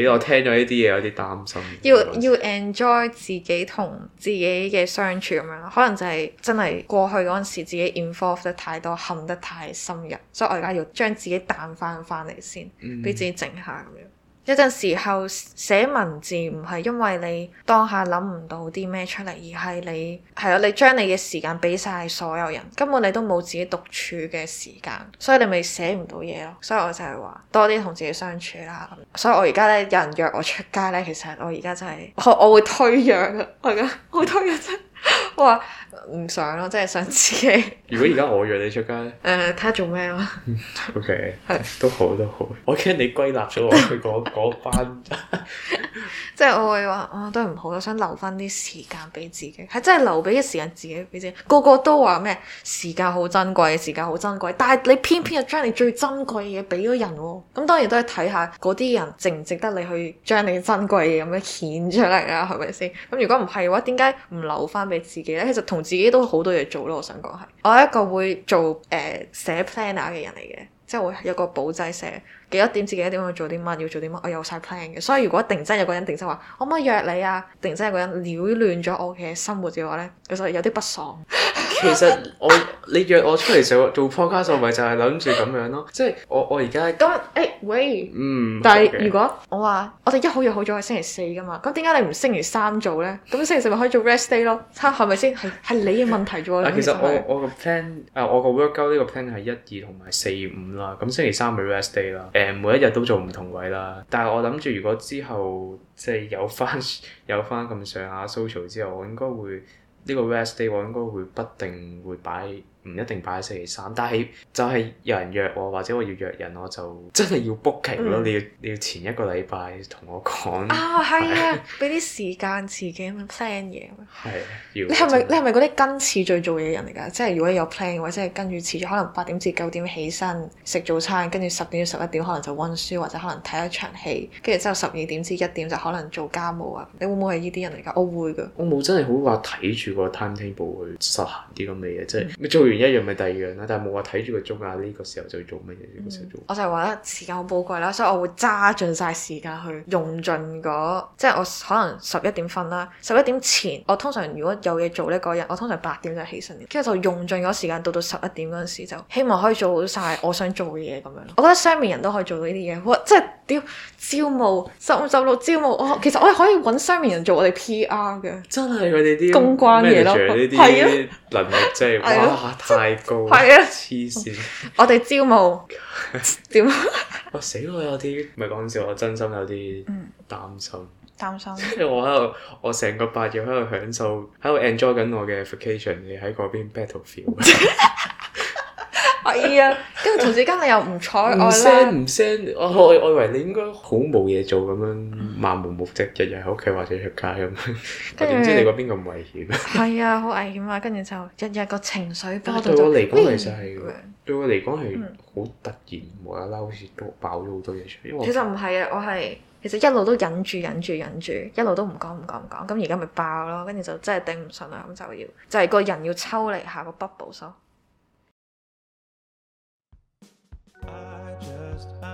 要。我咯！聽咗呢啲嘢有啲擔心。要那時要 enjoy 自己同自己嘅相處咁樣咯。可能就係真係過去嗰陣時自己 involve 得太多，陷得太深入，所以我而家要將自己彈翻翻嚟先，俾、嗯、自己靜下咁樣。有陣時候寫文字唔係因為你當下諗唔到啲咩出嚟，而係你係咯，你將你嘅時間俾晒所有人，根本你都冇自己獨處嘅時間，所以你咪寫唔到嘢咯。所以我就係話多啲同自己相處啦。咁所以我而家咧有人約我出街咧，其實我而家真係我我會推讓啊，我而家會推讓真。我哇，唔想咯，啊，即係想自己。如果而家我約你出街，誒、呃，睇下做咩啊？O K，係都好都好，我驚你歸納咗我去嗰 班， 即係我會話啊，都係唔好，我想留翻啲時間俾自己，係真係留俾嘅時間自己俾自己。個個都話咩時間好珍貴，時間好珍貴，但係你偏偏就將你最珍貴嘅嘢俾咗人，啊，咁，嗯嗯、當然都係睇下嗰啲人值唔值得你去將你珍貴嘅嘢咁樣顯出嚟啦，啊，係咪先？咁如果唔係嘅話，點解唔留翻？你自己咧，其實同自己都好多嘢做咯。我想講，係我係一個會做誒寫、呃、planner 嘅人嚟嘅，即係會有個簿仔寫。幾多點？自己幾多點去做啲乜？要做啲乜？我有曬 plan 嘅，所以如果突然間有個人突然間話，可唔可以約你啊？突然間有個人擾亂咗我嘅生活嘅話咧，其實有啲不爽。其實我你約我出嚟做做 podcast，咪就係諗住咁樣咯。即係我我而家咁誒喂，嗯。但係如果我話我哋一號約好咗係星期四噶嘛？咁點解你唔星期三做咧？咁星期四咪可以做 rest day 咯，差係咪先？係係你嘅問題啫喎。啊，其實我我個 plan 啊，我個 workout 呢個 plan 係一二同埋四五啦，咁星期三咪 rest day 啦，誒。誒每一日都做唔同位啦，但係我諗住如果之後即係、就是、有翻有翻咁上下 social 之後，我應該會呢、這個 west day 我應該會不定會擺。唔一定擺喺星期三，但係就係有人約我，或者我要約人，我就真係要 book 期咯。嗯、你要你要前一個禮拜同我講。哦、啊，係 啊，俾啲時間自己咁 plan 嘢。係。的你係咪你係咪嗰啲跟次序做嘢嘅人嚟㗎？即係如果你有 plan 嘅話，即係跟住次序，可能八點至九點起身食早餐，跟住十點至十一點可能就温書，或者可能睇一場戲，跟住之後十二點至一點就可能做家務啊，你會唔會係呢啲人嚟㗎？我會㗎。我冇真係好話睇住個 time table 去實行啲咁嘅嘢，即係一樣咪第二樣啦，但係冇話睇住個鐘啊！呢、呢個時候就要做乜嘢？呢、呢個時候做乜嘢、嗯。我就係話咧，時間好寶貴啦，所以我會揸盡晒時間去用盡嗰，即係我可能十一點瞓啦，十一點前我通常如果有嘢做呢嗰日我通常八點就起身，跟住就用盡咗時間到時時，到到十一點嗰陣時就希望可以做好晒我想做嘅嘢咁樣咯。我覺得雙面人都可以做到呢啲嘢，哇！即係。屌，招募十五、十六招募，我、哦、其實我係可以揾商人做我哋 P R 嘅，真係佢哋啲公關嘢咯，係啊，能力真係哇太高，係啊，黐線，啊、 我哋招募 點？我死，我有啲唔係講笑，我真心有啲擔心擔心，即係、嗯、 我喺度，我成個八月喺度享受，喺度 enjoy 緊我嘅 vacation，你喺嗰邊 battle field。 哎呀，跟住 同時間你又唔睬我啦，唔聲唔聲我我以為你應該好冇嘢做咁樣，嗯、漫無目的日日喺屋企或者出街咁樣，跟住點知你嗰邊咁危險？係啊，好危險啊！跟住就日日個情緒波動就、哦、對我嚟講其實係，對我嚟講係好突然無啦啦，嗯、好似都爆咗好多嘢出嚟。其實唔係啊，我係其實一路都忍住忍住忍住，一路都唔講唔講唔講，咁而家咪爆咯，跟住就真係頂唔順啦，咁就，就，就要就係、係、個人要抽離下個 bubble 咯。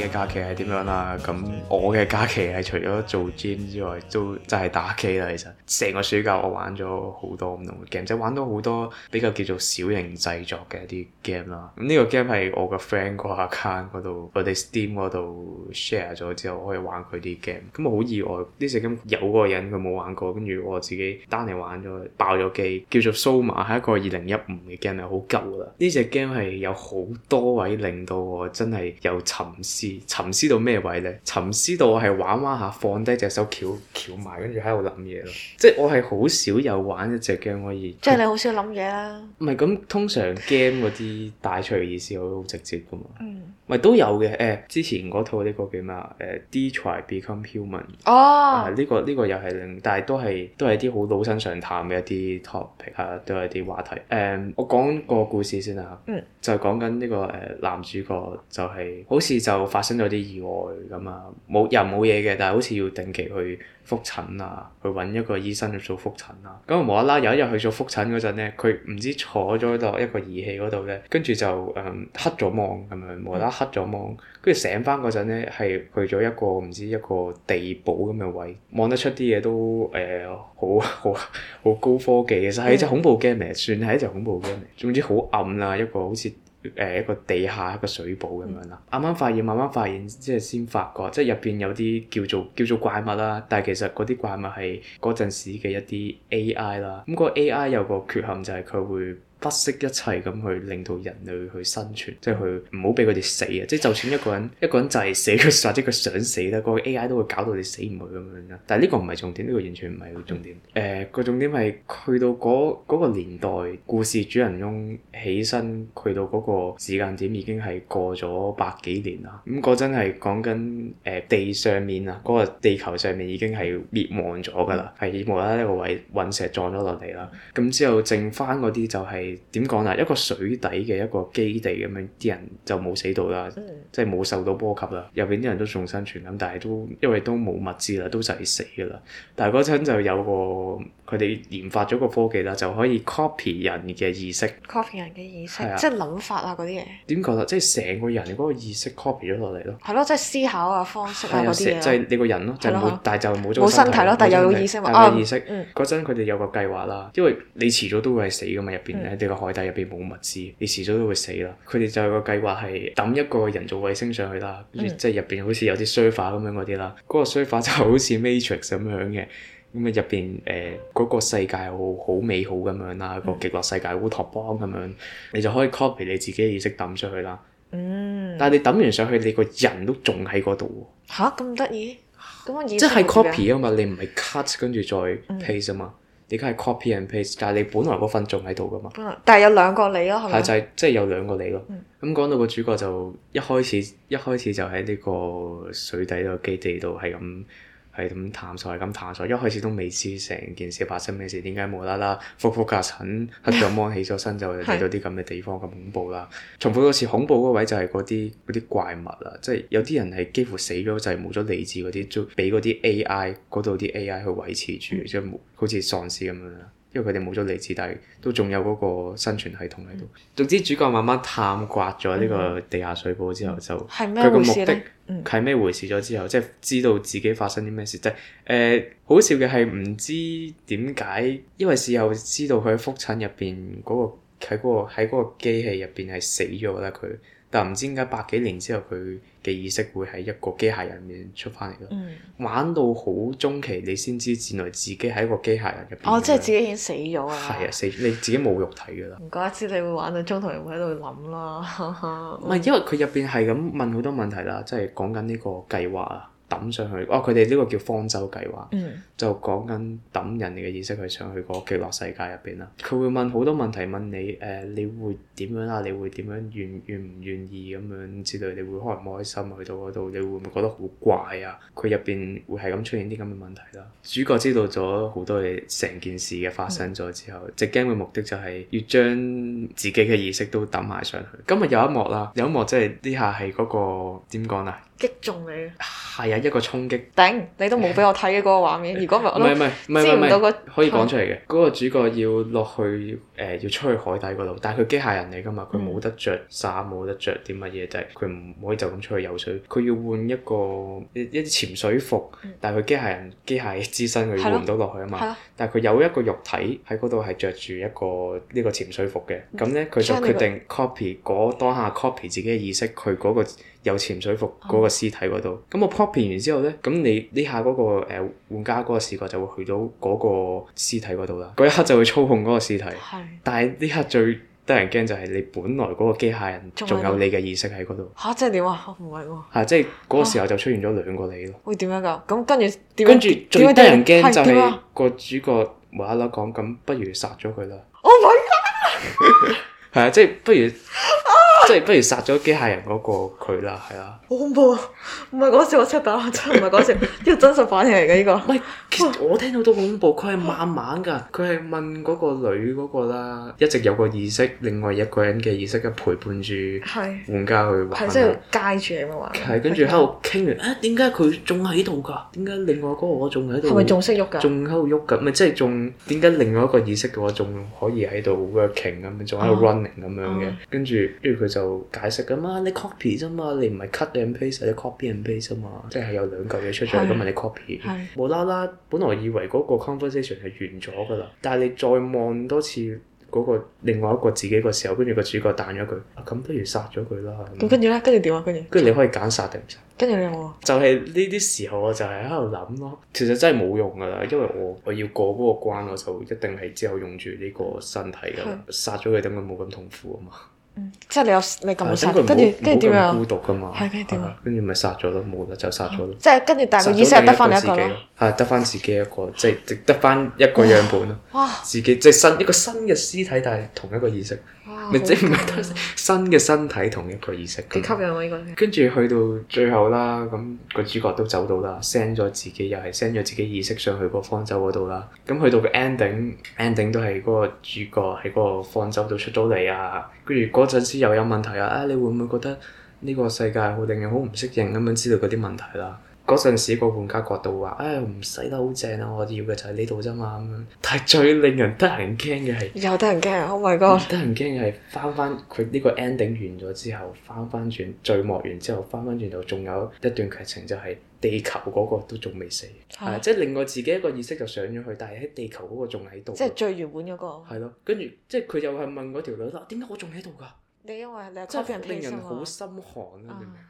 嘅假期係點樣啦？咁我嘅假期係除咗做 gym 之外，都真係打機啦。其實成個暑假我玩咗好多唔同嘅 game，即係玩到好多比較叫做小型製作嘅一啲 game 啦。咁呢個 game 係我個 friend 個 account 嗰度，我哋 Steam 度 share 咗之後可以玩佢啲 game。咁我好意外，呢隻 game 有個人佢冇玩過，跟住我自己單嚟玩咗，爆咗機，叫做 soma 係一個二零一五嘅 game，係好舊啦。呢隻 game 係有好多位令到我真係有沉思。沉思到咩位咧？沉思到我係玩玩下，放低隻手，翹翹埋，跟住喺度諗嘢咯。即係我係好少有玩一隻 game，即係你好少諗嘢啦。唔係咁，通常 game 嗰啲帶出嚟嘅意思好直接噶嘛。唔係、嗯、都有嘅。誒、欸，之前嗰套呢個叫咩？Uh, 哦、啊？誒、這個，《Detroit: Become Human》哦。呢個呢個又係，另，但係都係都係啲好老生常談嘅一啲 topic 啊，都係一啲話題。誒、uh,，我講個故事先啊。嗯。就係講緊呢個誒、呃、男主角、就是，就係好似就發生咗啲意外咁啊，冇又冇嘢嘅，但係好似要定期去複診啊，去揾一個醫生去做複診啊。咁啊、嗯，無啦啦，有一日去咗複診嗰陣咧，佢唔知坐咗落一個儀器嗰度咧，跟住就誒黑咗望咁樣，無啦啦黑咗望，跟住醒翻嗰陣咧係去咗一個唔知一個地堡咁嘅位，望得出啲嘢都誒、呃、好好好高科技，其實係一隻恐怖 game 嚟，算係一隻恐怖 game 嚟。總之好暗啊，一個好似。誒一個地下一個水堡咁樣啦，啱啱、嗯、發現，慢慢發現，即係先發覺，即係入邊有啲叫做叫做怪物啦，但係其實嗰啲怪物係嗰陣時嘅一啲 AI 啦，咁、個 AI 有個缺陷就係佢會。不惜一切咁去令到人類去生存，即係去唔好俾佢哋死啊！即係就算一個人一個人就係死，佢，或者佢想死咧，個 AI 都會搞到你死唔去咁樣啦。但係呢個唔係重點，呢、這個完全唔係、呃個重點。誒個重點係去到嗰、嗰個年代，故事主人翁起身去到嗰個時間點已經係過咗百幾年啦。咁嗰陣係講緊誒地上面啊，嗰、嗰個地球上面已經係滅亡咗㗎啦，係、嗯、無啦啦呢個位隕石撞咗落嚟啦。咁之後剩翻嗰啲就係、是。點講啊？一個水底嘅一個基地咁樣，啲人就冇死到啦，嗯、即係冇受到波及啦。入邊啲人都仲生存咁，但係都因為都冇物資啦，都就係死噶啦。但係嗰陣就有個。佢哋研發咗個科技啦，就可以 copy 人嘅意識，copy 人嘅意識，即係諗法啊嗰啲嘢。點講咧？即係成個人嗰個意識 copy 咗落嚟咯。係咯，即係思考啊方式啊嗰啲嘢。即係你個人咯，就冇，但係就冇咗身體。冇身體咯，但係有意識。啊意識，嗯。嗰陣佢哋有個計劃啦，因為你遲早都會係死噶嘛，入邊咧，你個海底入邊冇物資，你遲早都會死啦。佢哋就有個計劃係抌一個人造衛星上去啦，即係入邊好似有啲 sofa 咁樣嗰啲啦，嗰個 sofa 就好似 matrix 咁樣嘅。咁啊入邊誒嗰個世界好好美好咁樣啦，個極樂世界烏托邦咁樣，嗯嗯、你就可以 copy 你自己嘅意識抌出去啦。嗯，但係你抌完上去，你個人都仲喺嗰度。吓咁得意？咁我即係 copy 啊嘛，你唔係 cut 跟住再 paste 嘛，嗯、你梗係 copy and paste 但係你本來嗰份仲喺度噶嘛。嗯、但係有兩個你咯、啊，係咪？係就係即係有兩個你咯、啊。咁講、嗯、到個主角就一開始一開始就喺呢個水底個基地度係咁。係咁探索，係咁探索。一開始都未知成件事發生咩事，點解無啦啦復復架塵黑著芒起咗身 就嚟到啲咁嘅地方咁恐怖啦。重複嗰次恐怖嗰位就係嗰啲嗰啲怪物啊，即係有啲人係幾乎死咗就係冇咗理智嗰啲，都俾嗰啲 AI 嗰度啲 AI 去維持住，即係好似喪屍咁樣啦。因為佢哋冇咗理智，但係都仲有嗰個生存系統喺度。嗯、總之主角慢慢探刮咗呢個地下水堡之後，嗯、就佢個目的係咩回事咗之後，嗯、即係知道自己發生啲咩事。即係誒、呃，好笑嘅係唔知點解，因為事後知道佢喺復診入邊嗰個喺嗰、嗰個喺嗰個機器入邊係死咗啦佢。但唔知點解百幾年之後佢嘅意識會喺一個機械人入面出翻嚟咯。嗯、玩到好中期，你先知原來自己喺一個機械人入邊。哦，即係自己已經死咗啊！係啊，死咗，你自己冇肉體㗎喇。唔怪得知你會玩到中途又會喺度諗啦。唔 係因為佢入邊係咁問好多問題啦，即係講緊呢個計劃啊。抌上去，哦，佢哋呢個叫方舟計劃，mm. 就講緊抌人哋嘅意識去上去個極樂世界入邊啦。佢會問好多問題問你，誒、呃，你會點樣啊？你會點樣願願唔願，願意咁樣之類？你會開唔開心去到嗰度？你會唔會覺得好怪啊？佢入邊會係咁出現啲咁嘅問題啦。主角知道咗好多嘢，成件事嘅發生咗之後，直驚嘅目的就係要將自己嘅意識都抌埋上去。今日有一幕啦，有一幕即係、那個、呢下係嗰個點講啊？擊中你啊！係啊，一個衝擊。頂，你都冇俾我睇嘅嗰個畫面。如果唔係，我唔知唔到個可以講出嚟嘅嗰個主角要落去誒，要出去海底嗰度。但係佢機械人嚟㗎嘛，佢冇得着衫，冇得着啲乜嘢，就係佢唔可以就咁出去游水。佢要換一個一啲潛水服，但係佢機械人機械之身，佢換唔到落去啊嘛。但係佢有一個肉體喺嗰度，係着住一個呢個潛水服嘅。咁咧，佢就決定 copy 嗰當下 copy 自己嘅意識佢嗰個。有潛水服嗰個屍體嗰度，咁我 popping 完之後呢，咁你呢下嗰個誒玩家嗰個視覺就會去到嗰個屍體嗰度啦，嗰一刻就會操控嗰個屍體。的但係呢刻最得人驚就係你本來嗰個機械人，仲有你嘅意識喺嗰度。吓、啊，即係點啊？唔係喎。嚇！即係嗰個時候就出現咗兩個你咯、啊。會點樣㗎？咁跟住點樣？跟住最得人驚就係個主角無啦啦講，咁不如殺咗佢啦。Oh my god！係 啊，即係不如。 即係不如殺咗機械人嗰個佢啦，係啊！好恐怖啊！唔係講笑，我出打真唔係講笑，依個 真實反應嚟嘅依個。唔係，我聽到都好恐怖，佢係慢慢㗎。佢係問嗰個女嗰個啦，一直有個意識，另外一個人嘅意識嘅陪伴住，玩家去玩。佢是。係、啊、即係街住你樣玩。係跟住喺度傾完，啊，點解佢仲喺度㗎？點解的、欸、另外嗰個我仲喺度？係咪仲識喐㗎？仲喺度喐㗎？咪即係仲點解另外一個意識嘅話仲可以喺度 working 咁仲喺度 running 咁樣嘅？跟住跟住佢。就解釋噶嘛，你 copy 啫嘛，你唔係 cut and paste 你 copy and paste 啊嘛，即係有兩嚿嘢出咗嚟咁，咪是你 copy。是無啦啦，本來以為嗰個 conversation 係完咗噶啦，但係你再望多次嗰個另外一個自己個時候，跟住個主角彈咗佢，句、啊：咁不如殺咗佢啦。咁跟住咧，跟住點啊？跟住跟住你可以揀殺定唔殺。跟住你我。就係呢啲時候，我就係喺度諗咯。其實真係冇用噶啦，因為我我要過嗰個關，我就一定係之後用住呢個身體噶啦。是殺咗佢，等佢冇咁痛苦啊嘛。即係你有你咁殺、啊，跟住跟住點樣啊？係跟住點啊？跟住咪殺咗咯，冇啦，就殺咗咯。即係跟住，但係個意識得翻自己咯。係得翻自己一個，即係得翻一個樣本咯。哇！自己即係新一個新嘅屍體，但係同一個意識。咪哇即係唔係新嘅身體同一個意識，幾吸引啊！呢個跟住去到最後啦，咁個主角都走到啦，send 咗自己又係 send 咗自己意識上去個方舟嗰度啦。咁去到個 ending，ending 都係嗰個主角喺嗰個方舟度出咗嚟。啊，跟住嗰陣時又有問題啊！啊，你會唔會覺得呢個世界好令人好唔適應咁樣知道嗰啲問題啦？嗰陣時個玩家角度話：唉，唔使啦，好正啊！我要嘅就係呢度啫嘛。咁樣，但係最令人得人驚嘅係，又得人驚啊！Oh my God 我咪講，得人驚嘅係翻翻佢呢個 ending 完咗之後，翻翻轉，字幕完之後，翻翻轉就仲有一段劇情，就係地球嗰個都仲未死，係的，啊，即係另外自己一個意識就上咗去，但係喺地球嗰個仲喺度。即係最原本嗰個。係咯，跟住即係佢又係問嗰條女啦：點解我仲喺度㗎？你因為你真係令人好心寒啊！啊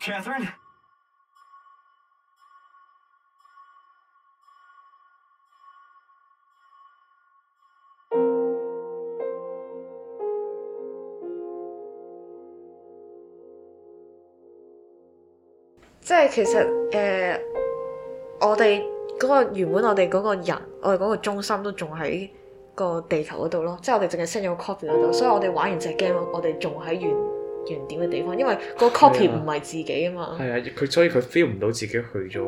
即係其實誒、呃，我哋嗰、那個原本我哋嗰個人，我哋嗰個中心都仲喺個地球嗰度咯。即、就、係、是、我哋淨係 send 咗個 copy 嗰度，所以我哋玩完隻 game，我哋仲喺原。 原點嘅地方，因為個 copy 唔係自己啊嘛。係啊，佢所以佢 feel 唔到自己去咗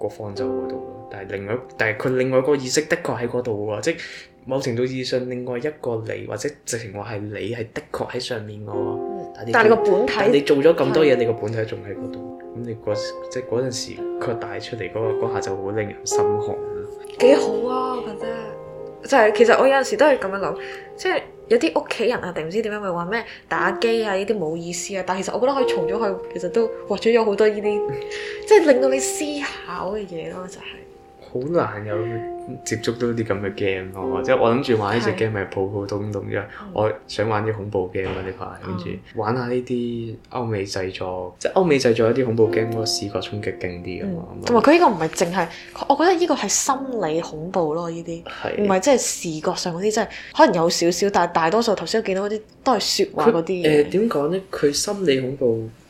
個方舟嗰度咯。但係另外，但係佢另外個意識的確喺嗰度喎。即、係、某程度以上，另外一個你或者直情話係你係的確喺上面嘅喎。但係你個本體，你做咗咁多嘢，的你個本體仲喺嗰度。咁你嗰即嗰陣時佢帶出嚟嗰、嗰個、下就好令人心寒啦。幾好啊，我覺得。就係、是、其實我有陣時都係咁樣諗，即係有啲屋企人啊，定唔知點樣咪話咩打機啊呢啲冇意思啊，但係其實我覺得可以從咗去，其實都獲取咗好多呢啲即係令到你思考嘅嘢咯，就係、是。好難有接觸到啲咁嘅 game 咯，嗯、即係我諗住玩呢隻 game 咪普普通通啫，嗯、我想玩啲恐怖 game 呢排，跟住、嗯、玩下呢啲歐美製作，嗯、即係歐美製作一啲恐怖 game 嗰個視覺衝擊勁啲嘅嘛。同埋佢呢個唔係淨係，我覺得呢個係心理恐怖咯、啊，呢啲唔係即係視覺上嗰啲，即、就、係、是、可能有少少，但係大多數頭先都見到嗰啲都係説話嗰啲嘢。誒點講呢？佢、呃、心理恐怖。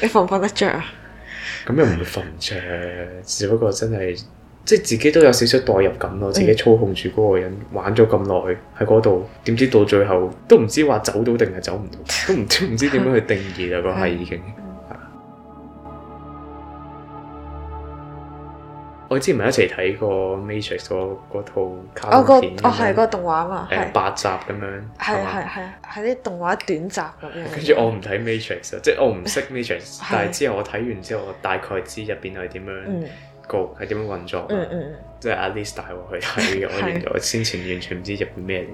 你瞓唔瞓得着啊？咁又唔會瞓着， 只不過真係即係自己都有少少代入感咯，自己操控住嗰個人玩咗咁耐喺嗰度，點知到最後都唔知話走到定係走唔到， 都唔知唔知點樣去定義啦個係已經。 我之前咪一齊睇過 Matrix 嗰套卡通片。哦，係嗰個動畫嘛，誒八集咁樣，係係係，係啲動畫短集。跟住我唔睇 Matrix，即係我唔識 Matrix，但係之後我睇完之後，我大概知入邊係點樣，個係點樣運作。即係阿 Liz 帶我去睇，我原來先前完全唔知入邊咩。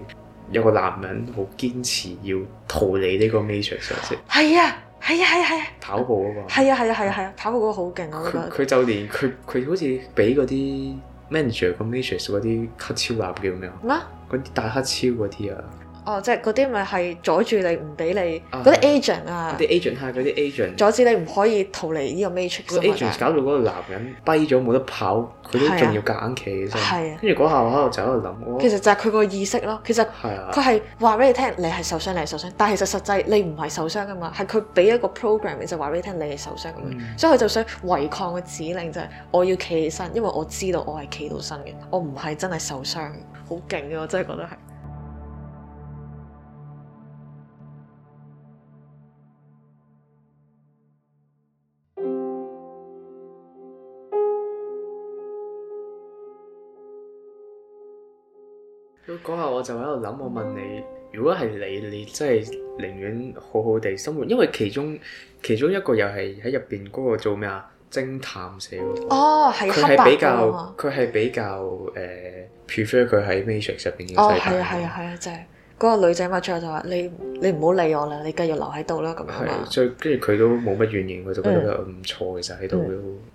有個男人好堅持要逃離呢個 Matrix，即係係啊。係啊係啊係啊，啊，啊，啊！跑步嗰個嘛！係啊係啊係啊係啊！跑步嗰個好勁啊！佢佢就連佢佢好似畀嗰啲 manager 個 managers 嗰啲黑超男叫咩啊？嗰啲咩？大黑超嗰啲啊！哦，即係嗰啲咪係阻住你唔俾你嗰啲 agent 啊，嗰啲 agent 係，嗰啲 agent 阻止你唔可以逃離呢個 matrix 是。個 agent 搞到嗰個男人跛咗冇得跑，佢都仲要夾硬企起身。係、啊，跟住嗰下我喺度就喺度諗。哦、其實就係佢個意識咯，其實佢係話俾你聽你係受傷，你係受傷，但係其實實際你唔係受傷噶嘛，係佢俾一個 program，就你就話俾你聽你係受傷咁樣，嗯、所以佢就想違抗個指令就係我要企起身，因為我知道我係企到身嘅，我唔係真係受傷，好勁啊！我真係覺得係。嗰下我就喺度諗，我問你，如果係你，你真係寧願好好地生活？因為其中其中一個又係喺入邊嗰個做咩啊？偵探社哦，係黑白㗎嘛，佢係比較佢係比較 prefer 佢喺 Matrix 入邊嘅世界。呃、哦、係、哦、啊，係啊，係係、啊。嗰個女仔嘛，出嚟就話：你你唔好理我啦，你繼續留喺度啦咁樣嘛。最跟住佢都冇乜怨言，佢、嗯、就、嗯、覺得唔錯，其實喺度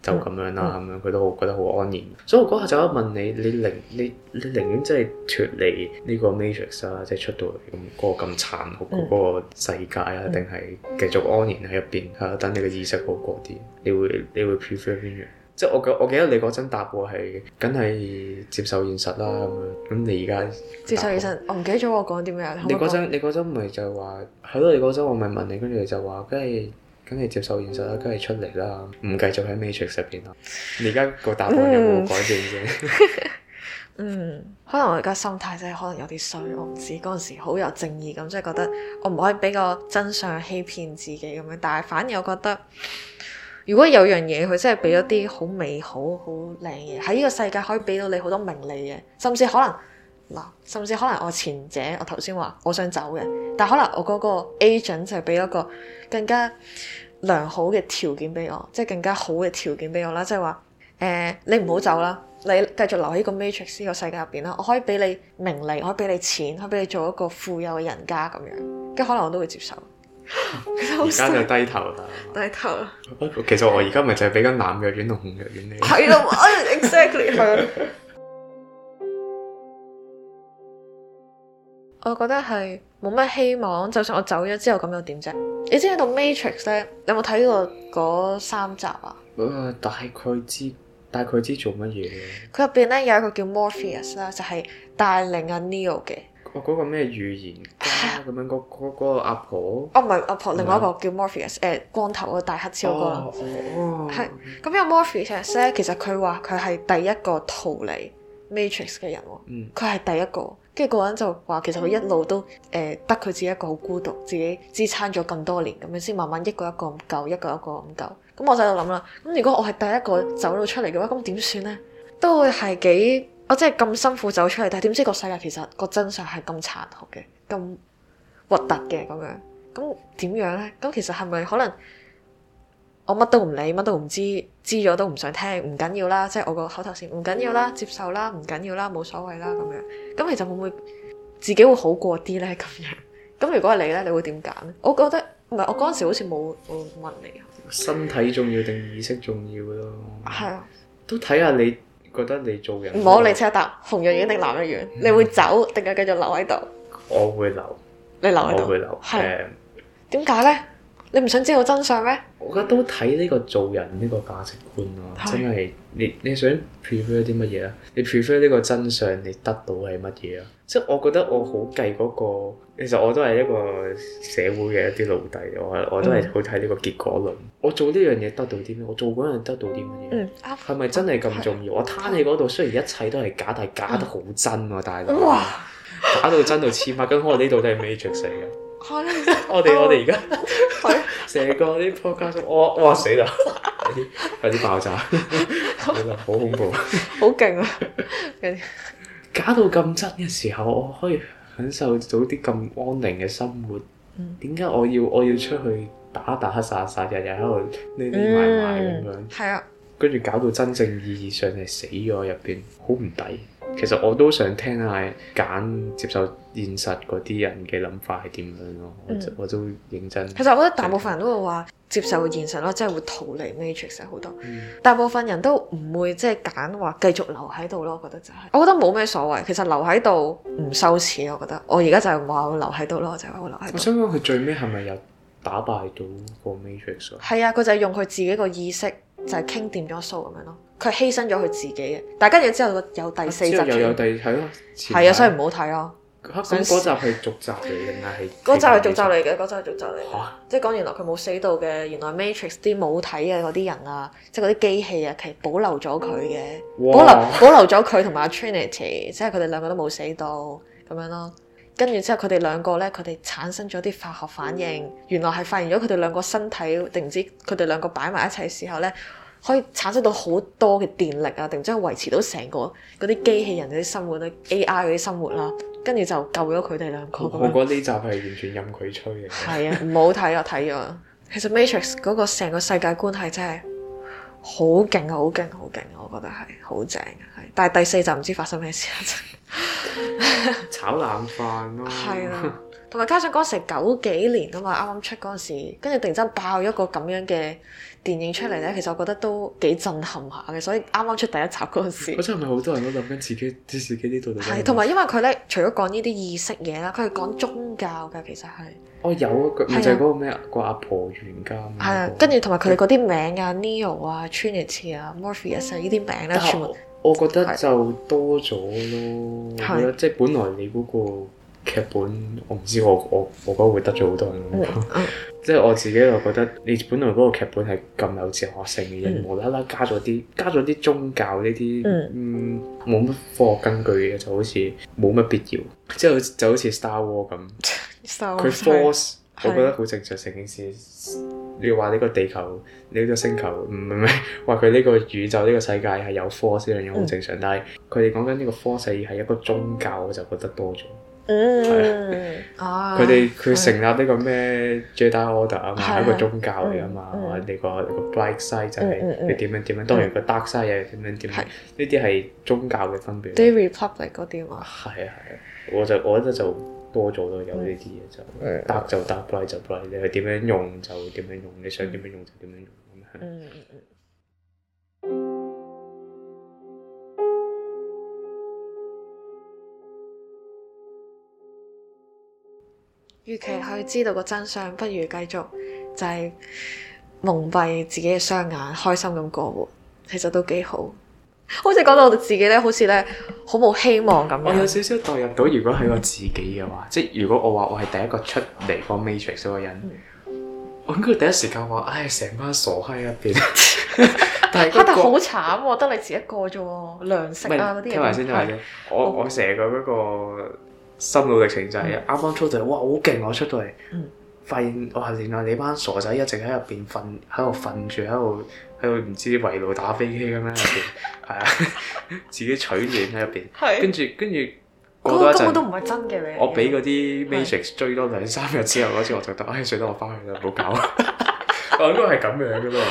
就咁樣啦，咁樣佢都覺得好安然。嗯、所以我嗰下就問你，你寧你你寧願即係脫離呢個 Matrix 啊，即、就、係、是、出到嚟咁嗰個咁殘酷嘅嗰個世界啊，定係、嗯、繼續安然喺入邊嚇等你嘅意識好過啲、嗯嗯？你會你會 prefer 邊樣？即係我記我記得你嗰陣答我係，梗係接受現實啦咁樣。咁、嗯、你而家接，接受現實，我唔記得咗我講啲咩？你嗰陣你嗰陣咪就係話，係咯你嗰陣我咪問你，跟住你就話，梗係梗係接受現實啦，梗係出嚟啦，唔繼續喺 Matrix 入邊啦。你而家個答案有冇改變啫？嗯， 嗯，可能我而家心態真係可能有啲衰，我唔知嗰陣時好有正義感，即係覺得我唔可以俾個真相欺騙自己咁樣，但係反而我覺得。如果有樣嘢，佢真係俾咗啲好美好好靚嘢，喺呢個世界可以俾到你好多名利嘅，甚至可能嗱，甚至可能我前者我頭先話我想走嘅，但可能我嗰個 agent 就係俾一個更加良好嘅條件俾我，即係更加好嘅條件俾我啦，即係話誒你唔好走啦，你繼續留喺個 matrix 呢個世界入邊啦，我可以俾你名利，我可以俾你錢，我可以俾你做一個富有嘅人家咁樣，跟可能我都會接受。而家就低頭低頭。其實，低頭了其實我而家咪就係俾個藍藥丸同紅藥丸你？係咯，exactly 係 我覺得係冇乜希望，就算我走咗之後，咁又點啫？你知唔知道、這個、Matrix 咧？有冇睇過嗰三集啊、呃？大概知，大概知做乜嘢？佢入邊咧有一個叫 Morpheus 啦，就係帶領阿 Neo 嘅。哦，嗰、那個咩預言家咁樣，嗰、那個阿、那個那個、婆、婆。哦，唔係阿婆，另外一個叫 Morpheus、呃、光頭嗰大黑超嗰、那個。係、哦，咁呢個 Morpheus 咧，ous，嗯、其實佢話佢係第一個逃離 Matrix 嘅人喎。佢係、嗯、第一個，跟住個人就話其實佢一路都誒、呃、得佢自己一個好孤獨，自己支撐咗咁多年咁樣，先慢慢一個一個咁救，一個一個咁救。咁我就喺度諗啦，咁如果我係第一個走咗出嚟嘅話，咁點算咧？都會係幾？我真係咁辛苦走出嚟，但係點知個世界其實個真相係咁殘酷嘅，咁核突嘅咁樣，咁點樣呢？咁其實係咪可能我乜都唔理，乜都唔知，知咗都唔想聽，唔緊要啦，即係我個口頭禪，唔緊要啦，接受啦，唔緊要啦，冇所謂啦咁樣。咁其實會唔會自己會好過啲呢？咁樣咁如果係你呢，你會點揀咧？我覺得唔係，我嗰陣時好似冇我問你，身體重要定意識重要咯？係 啊，都睇下你。覺得你做人唔好，你請答，紅日遠定藍日遠？ 你會走定係繼續留喺度？我會留，你留喺度，我會留，係點解咧？嗯你唔想知道真相咩？我而家都睇呢個做人呢個價值觀咯，的真係你你想 prefer 啲乜嘢啦？你 prefer 呢個真相，你得到係乜嘢啊？即係我覺得我好計嗰、嗰個，其實我都係一個社會嘅一啲奴隸，我我都係好睇呢個結果論。嗯、我做呢樣嘢得到啲咩？我做嗰樣得到啲乜嘢？嗯，係咪真係咁重要？啊、我攤喺嗰度，雖然一切都係假，但係假得好真喎！大佬，嗯、哇，假到真到黐孖筋，我呢度都係 magic 嚟嘅。我哋我哋而家成個啲破家族，我哇，哇死啦，有啲爆炸， 好很恐怖，好勁啊！搞到咁真嘅時候，我可以享受到啲咁安寧嘅生活。點解我要我要出去打打，打殺殺，日日喺度匿匿埋埋咁樣？係是啊，跟住搞到真正意義上係死咗入邊，好唔抵。其實我都想聽下揀接受現實嗰啲人嘅諗法係點樣咯、嗯，我都認真。其實我覺得大部分人都會話接受現實咯，哦、即係會逃離 Matrix 好多。大、嗯、部分人都唔會即係揀話繼續留喺度咯，覺得就係。我覺得冇、就、咩、是、所謂，其實留喺度唔羞恥，我覺得。我而家就係話我留喺度咯，就係我留喺度。我想問佢最尾係咪有打敗到個 Matrix？係啊，佢就係用佢自己個意識。就係傾掂咗數咁樣咯，佢犧牲咗佢自己嘅，但係跟住之後有第四集。啊、又有第二集咯、啊，係啊，所以唔好睇咯。咁嗰集係續集嚟㗎嘛，係。嗰集係續集嚟嘅，嗰集係續集嚟。嚇！即係講原來佢冇死到嘅，原來 Matrix 啲冇睇嘅、啊、嗰啲人啊，即係嗰啲機器啊，其實保留咗佢嘅，保留保留咗佢同埋 Trinity，即係佢哋兩個都冇死到咁樣咯。跟住之後，佢哋兩個咧，佢哋產生咗啲化學反應。原來係發現咗佢哋兩個身體，定唔知佢哋兩個擺埋一齊時候咧，可以產生到好多嘅電力啊！定唔知維持到成個嗰啲機器人嗰啲生活咧、嗯，AI 嗰啲生活啦、啊。跟住就救咗佢哋兩個。我覺得呢集係完全任佢吹嘅。係 啊，唔好睇啊，睇咗。其實 Matrix 嗰個成個世界觀係真係。好勁啊！好勁好勁啊！我覺得係好正嘅，係。但係第四集唔知發生咩事 啊！真係炒冷飯咯，係啊！同埋加上嗰時九幾年啊嘛，啱啱出嗰陣時，跟住突然間爆一個咁樣嘅。電影出嚟咧，其實我覺得都幾震撼下嘅，所以啱啱出第一集嗰陣時，我真係咪好多人都諗緊自己，自己呢度。係同埋因為佢咧，除咗講呢啲意識嘢啦，佢係講宗教嘅，其實係。哦，有啊，唔就係嗰個咩個阿婆原家。係啊，跟住同埋佢哋嗰啲名啊，Neo 啊、Trinity 啊、Morpheus 啊呢啲名咧，全部。我覺得就多咗咯，即係本來你嗰個。劇本我唔知，我我我覺得會得罪好多人。即係、mm. 我自己就覺得，你本來嗰個劇本係咁有哲學性嘅嘢，mm. 無啦啦加咗啲，加咗啲宗教呢啲，mm. 嗯，冇乜科學根據嘅，就好似冇乜必要。之後就好似 Star War 咁佢 force，我覺得好正常成件事。是你話呢個地球，是你呢個星球唔唔係話佢呢個宇宙呢、呢個世界係有 force 呢樣嘢好正常，mm. 但係佢哋講緊呢個 force 係一個宗教，我就覺得多咗。Mm. 佢哋佢成立呢個咩 Jedi Order 係一個宗教嚟啊嘛，你者呢個個 d a c k Side 就係你點樣點樣，當然個 Dark Side 又點樣點樣，呢啲係宗教嘅分別。The Republic 嗰啲嘛？係啊係啊，我就我覺得就多咗咯，有呢啲嘢就 Dark 就 Dark，Light 就 l a c k 你係點樣用就點樣用，你想點樣用就點樣用。嗯嗯預期去知道個真相，不如繼續就係、是、蒙蔽自己嘅雙眼開心咁過活其實都幾好。 好似講到我自己咧，好似咧好冇希望咁。我有少少代入到，如果係我自己嘅話，即係如果我話我係第一個出嚟個 matrix 嘅人，嗯、我應該第一時間話，唉、哎，成班傻閪入邊， 光 但係、哦，但係好慘，得你自己一個啫，糧食啊嗰啲。問聽埋先，聽埋先，對我我寫嘅嗰個。心路歷程就係啱啱出到嚟，哇好勁！我出到嚟，發現哇原來你班傻仔一直喺入邊瞓，喺度瞓住喺度喺度唔知圍爐打飛機咁樣，係啊， 自己取暖喺入邊。跟住跟住過多陣，根本都唔係真嘅你。我俾嗰啲 Matrix 追多兩三日之後，嗰是的 次我就覺得，唉算啦，我翻去啦，唔好搞。 我應該係咁樣噶嘛。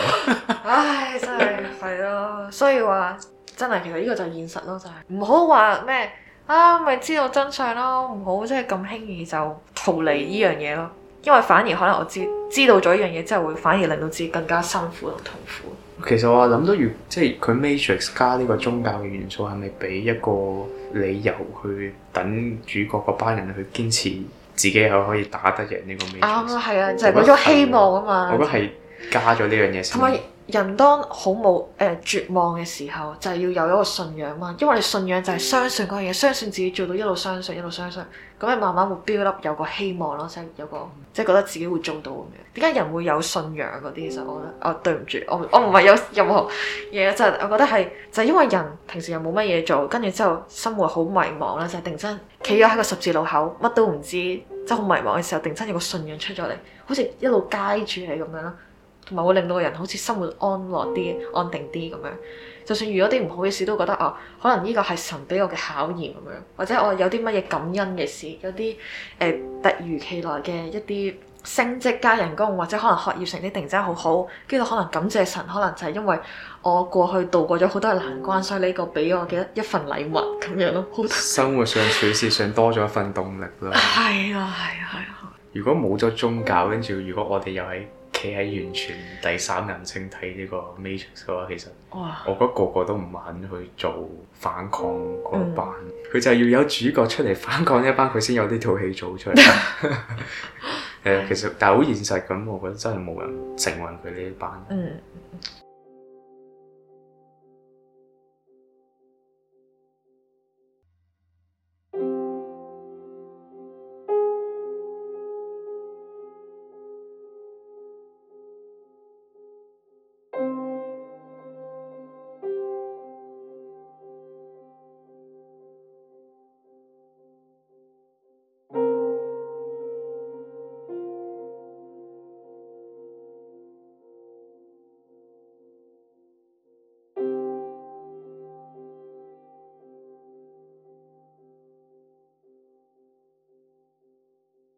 唉、哎，真係係咯，所以話真係其實呢個就現實咯，就係唔好話咩。啊，咪知道真相咯，唔好即係咁輕易就逃離呢樣嘢咯，因為反而可能我知道知道咗呢樣嘢之後，會反而令到自己更加辛苦同痛苦。其實我諗到，如即係佢 Matrix 加呢個宗教嘅元素，係咪俾一個理由去等主角嗰班人去堅持自己係可以打得贏呢個 m a 啊？係啊，就係、是、嗰種希望啊嘛我、嗯。我覺得係加咗呢樣嘢。先。人當好冇誒絕望嘅時候，就係、是、要有一個信仰嘛，因為你信仰就係相信嗰樣嘢，嗯、相信自己做到一路相信一路相信，咁你慢慢會 build up 有個希望咯，即、就、係、是、有個即係、就是、覺得自己會做到咁樣。點解、嗯、人會有信仰嗰啲？其、就、實、是、我覺得，啊對唔住，我我唔係有任何嘢，就是、我覺得係就係、是、因為人平時又冇乜嘢做，跟住之後生活好迷茫啦，就係突然間企咗喺個十字路口，乜都唔知，真、就、好、是、迷茫嘅時候，突然間有個信仰出咗嚟，好似一路街住係咁樣咯。同埋會令到個人好似生活安樂啲、安定啲咁樣。就算遇到啲唔好嘅事，都覺得啊、哦，可能呢個係神俾我嘅考驗咁樣，或者我有啲乜嘢感恩嘅事，有啲誒、呃、突如其來嘅一啲升職加人工，或者可能學業成績突然之間好好，跟住可能感謝神，可能就係因為我過去度過咗好多嘅難關，嗯、所以呢個俾我嘅一,一份禮物咁樣咯。生活上、處事上多咗一份動力咯。係 啊，係啊，係啊。如果冇咗宗教，跟住 如果我哋又喺～企喺完全第三人稱睇呢個 Matrix 嘅話，其實我覺得個個都唔肯去做反抗嗰班，佢、嗯、就係要有主角出嚟反抗一班，佢先有呢套戲做出嚟。 其實但係好現實咁，我覺得真係冇人承運佢呢一班。嗯